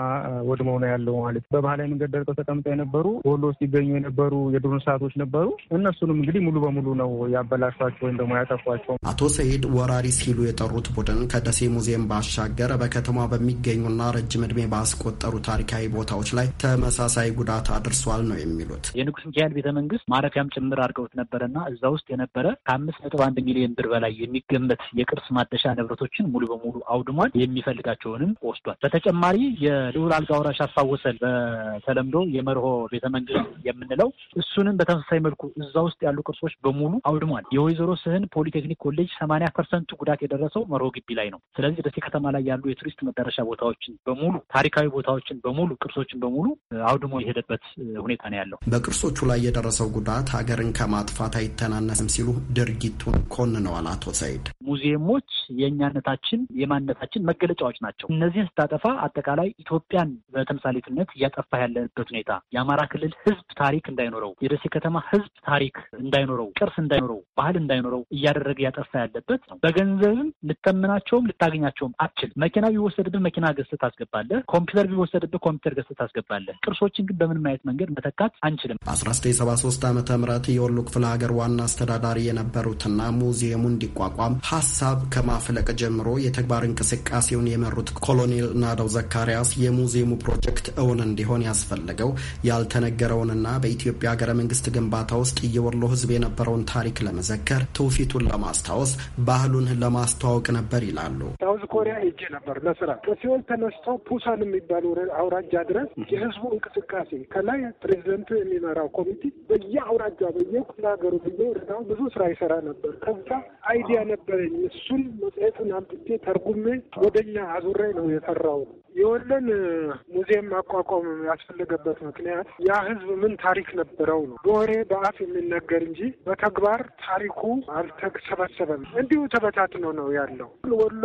ወድመው ነው ያለው ማለት ነው። በባህላዊ መንገድ ደርቀው ተቀምጠው የነበሩ ወሎ ውስጥ ይገኙ የነበሩ የዱር እንስሳቶች ነበሩ። እነሱንም እንግዲህ ሙሉ በሙሉ ነው ያበላሿቸው ወይም ደግሞ ያጠፏቸው። አቶ ሰይድ ወራሪ ሲሉ የጠሩት ቡድን ከደሴ ሙዚየም ባሻገር በከተማ በሚገኙና ረጅም እድሜ ባስቆጠሩ ታሪካዊ ቦታዎች ላይ ተመሳሳይ ጉዳት አድርሷል ነው የሚሉት የንጉስ ሚካኤል ቤተመንግስት ማረፊያም ጭምር አድርገውት ነበረና እዛ ውስጥ የነበረ ከአምስት ነጥብ አንድ ሚሊዮን ብር በላይ የሚገመት የቅርስ ማደሻ ንብረቶችን ሙሉ በሙሉ አውድሟል። የሚፈልጋቸውንም ወስዷል። በተጨማሪ የልዑል አልጋ ወራሽ አስታወሰን በተለምዶ የመርሆ ቤተ መንግስት የምንለው እሱንም በተመሳሳይ መልኩ እዛ ውስጥ ያሉ ቅርሶች በሙሉ አውድሟል። የወይዘሮ ስህን ፖሊቴክኒክ ኮሌጅ ሰማንያ ፐርሰንቱ ጉዳት የደረሰው መርሆ ግቢ ላይ ነው። ስለዚህ ደሴ ከተማ ላይ ያሉ የቱሪስት መዳረሻ ቦታዎችን በሙሉ ታሪካዊ ቦታዎችን በሙሉ ቅርሶችን በሙሉ አውድሞ የሄደበት ሁኔታ ነው ያለው። በቅርሶቹ ላይ የደረሰው ጉዳት ሀገር ሀገርን ከማጥፋት አይተናነስም ሲሉ ድርጊቱን ኮንነዋል። አቶ ሰይድ ሙዚየሞች የእኛነታችን የማንነታችን መገለጫዎች ናቸው። እነዚህን ስታጠፋ አጠቃላይ ኢትዮጵያን በተምሳሌትነት እያጠፋ ያለንበት ሁኔታ የአማራ ክልል ህዝብ ታሪክ እንዳይኖረው፣ የደሴ ከተማ ህዝብ ታሪክ እንዳይኖረው፣ ቅርስ እንዳይኖረው፣ ባህል እንዳይኖረው እያደረገ እያጠፋ ያለበት ነው። በገንዘብም ልተምናቸውም ልታገኛቸውም አትችል። መኪና ቢወሰድብህ መኪና ገዝተህ ታስገባለህ። ኮምፒውተር ቢወሰድብህ ኮምፒውተር ገዝተህ ታስገባለህ። ቅርሶችን ግን በምንም አይነት መንገድ መተካት አንችልም። አስራ ዘጠኝ ሰባ ሶስት ዓመተ ዓመት የወሎ ክፍለ ሀገር ዋና አስተዳዳሪ የነበሩትና ሙዚየሙ እንዲቋቋም ሀሳብ ከማፍለቅ ጀምሮ የተግባር እንቅስቃሴውን የመሩት ኮሎኔል ናደው ዘካሪያስ የሙዚየሙ ፕሮጀክት እውን እንዲሆን ያስፈለገው ያልተነገረውንና በኢትዮጵያ ሀገረ መንግስት ግንባታ ውስጥ የወሎ ህዝብ የነበረውን ታሪክ ለመዘከር፣ ትውፊቱን ለማስታወስ፣ ባህሉን ለማስተዋወቅ ነበር ይላሉ። ሳውዝ ኮሪያ ሄጄ ነበር ለስራ ከሲሆን ተነስተው ፑሳን የሚባል አውራጃ ድረስ የህዝቡ እንቅስቃሴ ከላይ ፕሬዚደንቱ የሚመራው ኮሚቴ በየአውራጃ በየክፍለ ሀገሩ በየወረዳው ብዙ ስራ ይሰራ ነበር። ከዛ አይዲያ ነበረኝ። እሱን መጽሔቱን አምጥቼ ተርጉሜ ወደኛ አዙሬ ነው የሰራው። የወለን ሙዚየም ማቋቋም ያስፈለገበት ምክንያት ያ ህዝብ ምን ታሪክ ነበረው ነው። በወሬ በአፍ የሚነገር እንጂ በተግባር ታሪኩ አልተሰበሰበም። እንዲሁ ተበታትኖ ነው ያለው። ወሎ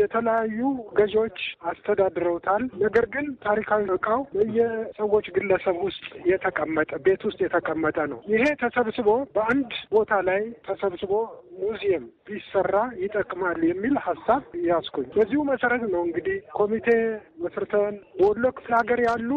የተለያዩ ገዢዎች አስተዳድረውታል። ነገር ግን ታሪካዊ እቃው በየሰዎች ግለሰብ ውስጥ የተቀመጠ ቤት ውስጥ የተቀመጠ ነው። ይሄ ተሰብስቦ በአንድ ቦታ ላይ ተሰብስቦ ሙዚየም ቢሰራ ይጠቅማል የሚል ሀሳብ ያስኩኝ። በዚሁ መሰረት ነው እንግዲህ ኮሚቴ መስርተን በወሎ ክፍለ ሀገር ያሉ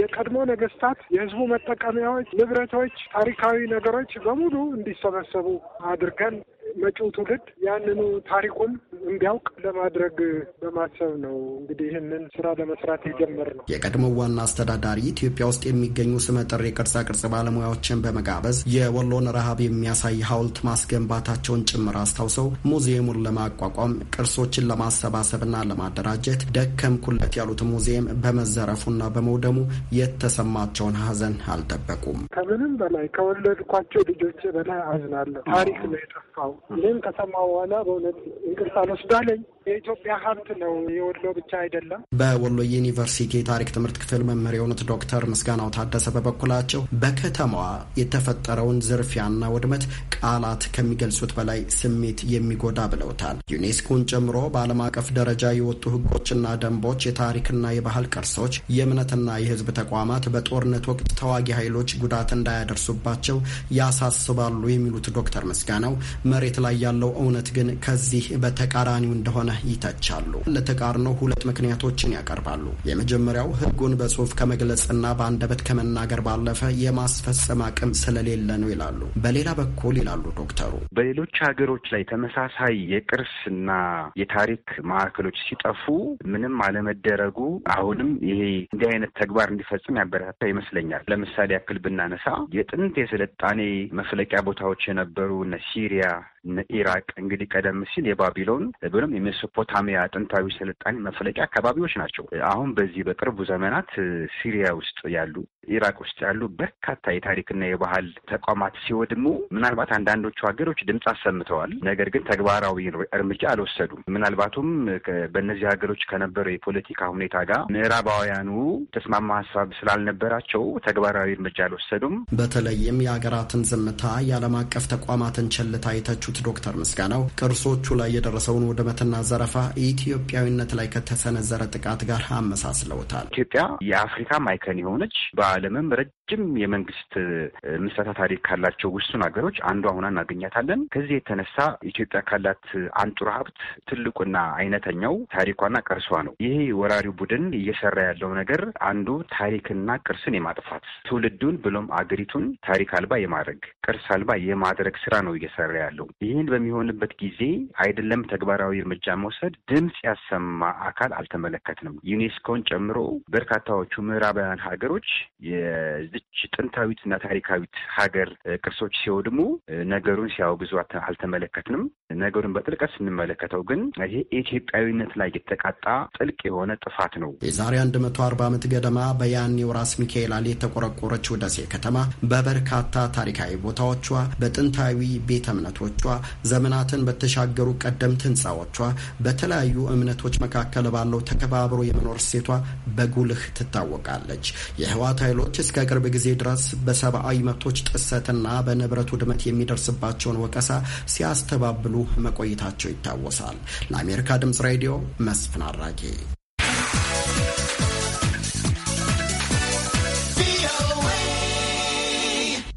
የቀድሞ ነገስታት የህዝቡ መጠቀሚያዎች፣ ንብረቶች፣ ታሪካዊ ነገሮች በሙሉ እንዲሰበሰቡ አድርገን መጪው ትውልድ ያንኑ ታሪኩን እንዲያውቅ ለማድረግ በማሰብ ነው እንግዲህ ይህንን ስራ ለመስራት የጀመር ነው። የቀድሞው ዋና አስተዳዳሪ ኢትዮጵያ ውስጥ የሚገኙ ስመጥር የቅርጻ ቅርጽ ባለሙያዎችን በመጋበዝ የወሎን ረሃብ የሚያሳይ ሐውልት ማስገንባታቸውን ጭምር አስታውሰው ሙዚየሙን ለማቋቋም ቅርሶችን ለማሰባሰብና ለማደራጀት ደከምኩለት ያሉት ሙዚየም በመዘረፉና በመውደሙ የተሰማቸውን ሐዘን አልጠበቁም። ከምንም በላይ ከወለድኳቸው ልጆች በላይ አዝናለሁ። ታሪክ ነው የጠፋው። ይህም ከሰማ በኋላ በእውነት እንቅልፍ አልወስዳለኝ የኢትዮጵያ ሀብት ነው፣ የወሎ ብቻ አይደለም። በወሎ ዩኒቨርሲቲ የታሪክ ትምህርት ክፍል መምህር የሆኑት ዶክተር ምስጋናው ታደሰ በበኩላቸው በከተማዋ የተፈጠረውን ዝርፊያና ውድመት ቃላት ከሚገልጹት በላይ ስሜት የሚጎዳ ብለውታል። ዩኔስኮን ጨምሮ በዓለም አቀፍ ደረጃ የወጡ ህጎችና ደንቦች የታሪክና የባህል ቅርሶች፣ የእምነትና የህዝብ ተቋማት በጦርነት ወቅት ተዋጊ ኃይሎች ጉዳት እንዳያደርሱባቸው ያሳስባሉ የሚሉት ዶክተር ምስጋናው መሬት ላይ ያለው እውነት ግን ከዚህ በተቃራኒው እንደሆነ ይተቻሉ። ለተቃርኖ ሁለት ምክንያቶችን ያቀርባሉ። የመጀመሪያው ህጉን በጽሁፍ ከመግለጽና በአንደበት ከመናገር ባለፈ የማስፈጸም አቅም ስለሌለ ነው ይላሉ። በሌላ በኩል ይላሉ ዶክተሩ በሌሎች ሀገሮች ላይ ተመሳሳይ የቅርስና የታሪክ ማዕከሎች ሲጠፉ ምንም አለመደረጉ አሁንም ይሄ እንዲህ አይነት ተግባር እንዲፈጽም ያበረታታ ይመስለኛል። ለምሳሌ ያክል ብናነሳ የጥንት የስልጣኔ መፍለቂያ ቦታዎች የነበሩ እነ ሲሪያ ኢራቅ እንግዲህ ቀደም ሲል የባቢሎን ብሎም የሜሶፖታሚያ ጥንታዊ ስልጣኔ መፍለቂያ አካባቢዎች ናቸው። አሁን በዚህ በቅርቡ ዘመናት ሲሪያ ውስጥ ያሉ፣ ኢራቅ ውስጥ ያሉ በርካታ የታሪክና የባህል ተቋማት ሲወድሙ ምናልባት አንዳንዶቹ ሀገሮች ድምፅ አሰምተዋል። ነገር ግን ተግባራዊ እርምጃ አልወሰዱም። ምናልባቱም በእነዚህ ሀገሮች ከነበረው የፖለቲካ ሁኔታ ጋር ምዕራባውያኑ ተስማማ ሀሳብ ስላልነበራቸው ተግባራዊ እርምጃ አልወሰዱም። በተለይም የሀገራትን ዝምታ የዓለም አቀፍ ተቋማትን ቸልታ የተቹ ያመለከቱት ዶክተር ምስጋናው ቅርሶቹ ላይ የደረሰውን ውድመትና ዘረፋ የኢትዮጵያዊነት ላይ ከተሰነዘረ ጥቃት ጋር አመሳስለውታል። ኢትዮጵያ የአፍሪካ ማይከን የሆነች በዓለምም ረጅም የመንግስት ምስረታ ታሪክ ካላቸው ውሱን ሀገሮች አንዷ አሁና እናገኛታለን። ከዚህ የተነሳ ኢትዮጵያ ካላት አንጡር ሀብት ትልቁና አይነተኛው ታሪኳና ቅርሷ ነው። ይሄ ወራሪው ቡድን እየሰራ ያለው ነገር አንዱ ታሪክና ቅርስን የማጥፋት ትውልዱን ብሎም አገሪቱን ታሪክ አልባ የማድረግ ቅርስ አልባ የማድረግ ስራ ነው እየሰራ ያለው። ይህን በሚሆንበት ጊዜ አይደለም ተግባራዊ እርምጃ መውሰድ ድምፅ ያሰማ አካል አልተመለከትንም። ዩኔስኮን ጨምሮ በርካታዎቹ ምዕራባውያን ሀገሮች የዝች ጥንታዊት እና ታሪካዊት ሀገር ቅርሶች ሲወድሙ ነገሩን ሲያወግዙ አልተመለከትንም። ነገሩን በጥልቀት ስንመለከተው ግን ይሄ ኢትዮጵያዊነት ላይ የተቃጣ ጥልቅ የሆነ ጥፋት ነው። የዛሬ አርባ ዓመት ገደማ በያኔው ራስ ሚካኤል አሊ የተቆረቆረችው ደሴ ከተማ በበርካታ ታሪካዊ ቦታዎቿ፣ በጥንታዊ ቤተ እምነቶቿ ዘመናትን በተሻገሩ ቀደምት ህንፃዎቿ፣ በተለያዩ እምነቶች መካከል ባለው ተከባብሮ የመኖር እሴቷ በጉልህ ትታወቃለች። የህወሓት ኃይሎች እስከ ቅርብ ጊዜ ድረስ በሰብአዊ መብቶች ጥሰትና በንብረት ውድመት የሚደርስባቸውን ወቀሳ ሲያስተባብሉ መቆየታቸው ይታወሳል። ለአሜሪካ ድምጽ ሬዲዮ መስፍን አራጌ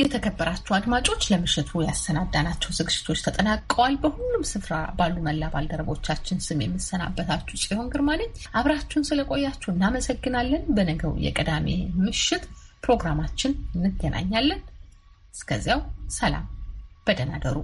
የተከበራችሁ አድማጮች ለምሽቱ ያሰናዳናቸው ዝግጅቶች ተጠናቀዋል። በሁሉም ስፍራ ባሉ መላ ባልደረቦቻችን ስም የምሰናበታችሁ ጽዮን ግርማ ነኝ። አብራችሁን ስለቆያችሁ እናመሰግናለን። በነገው የቅዳሜ ምሽት ፕሮግራማችን እንገናኛለን። እስከዚያው ሰላም፣ በደህና ደሩ።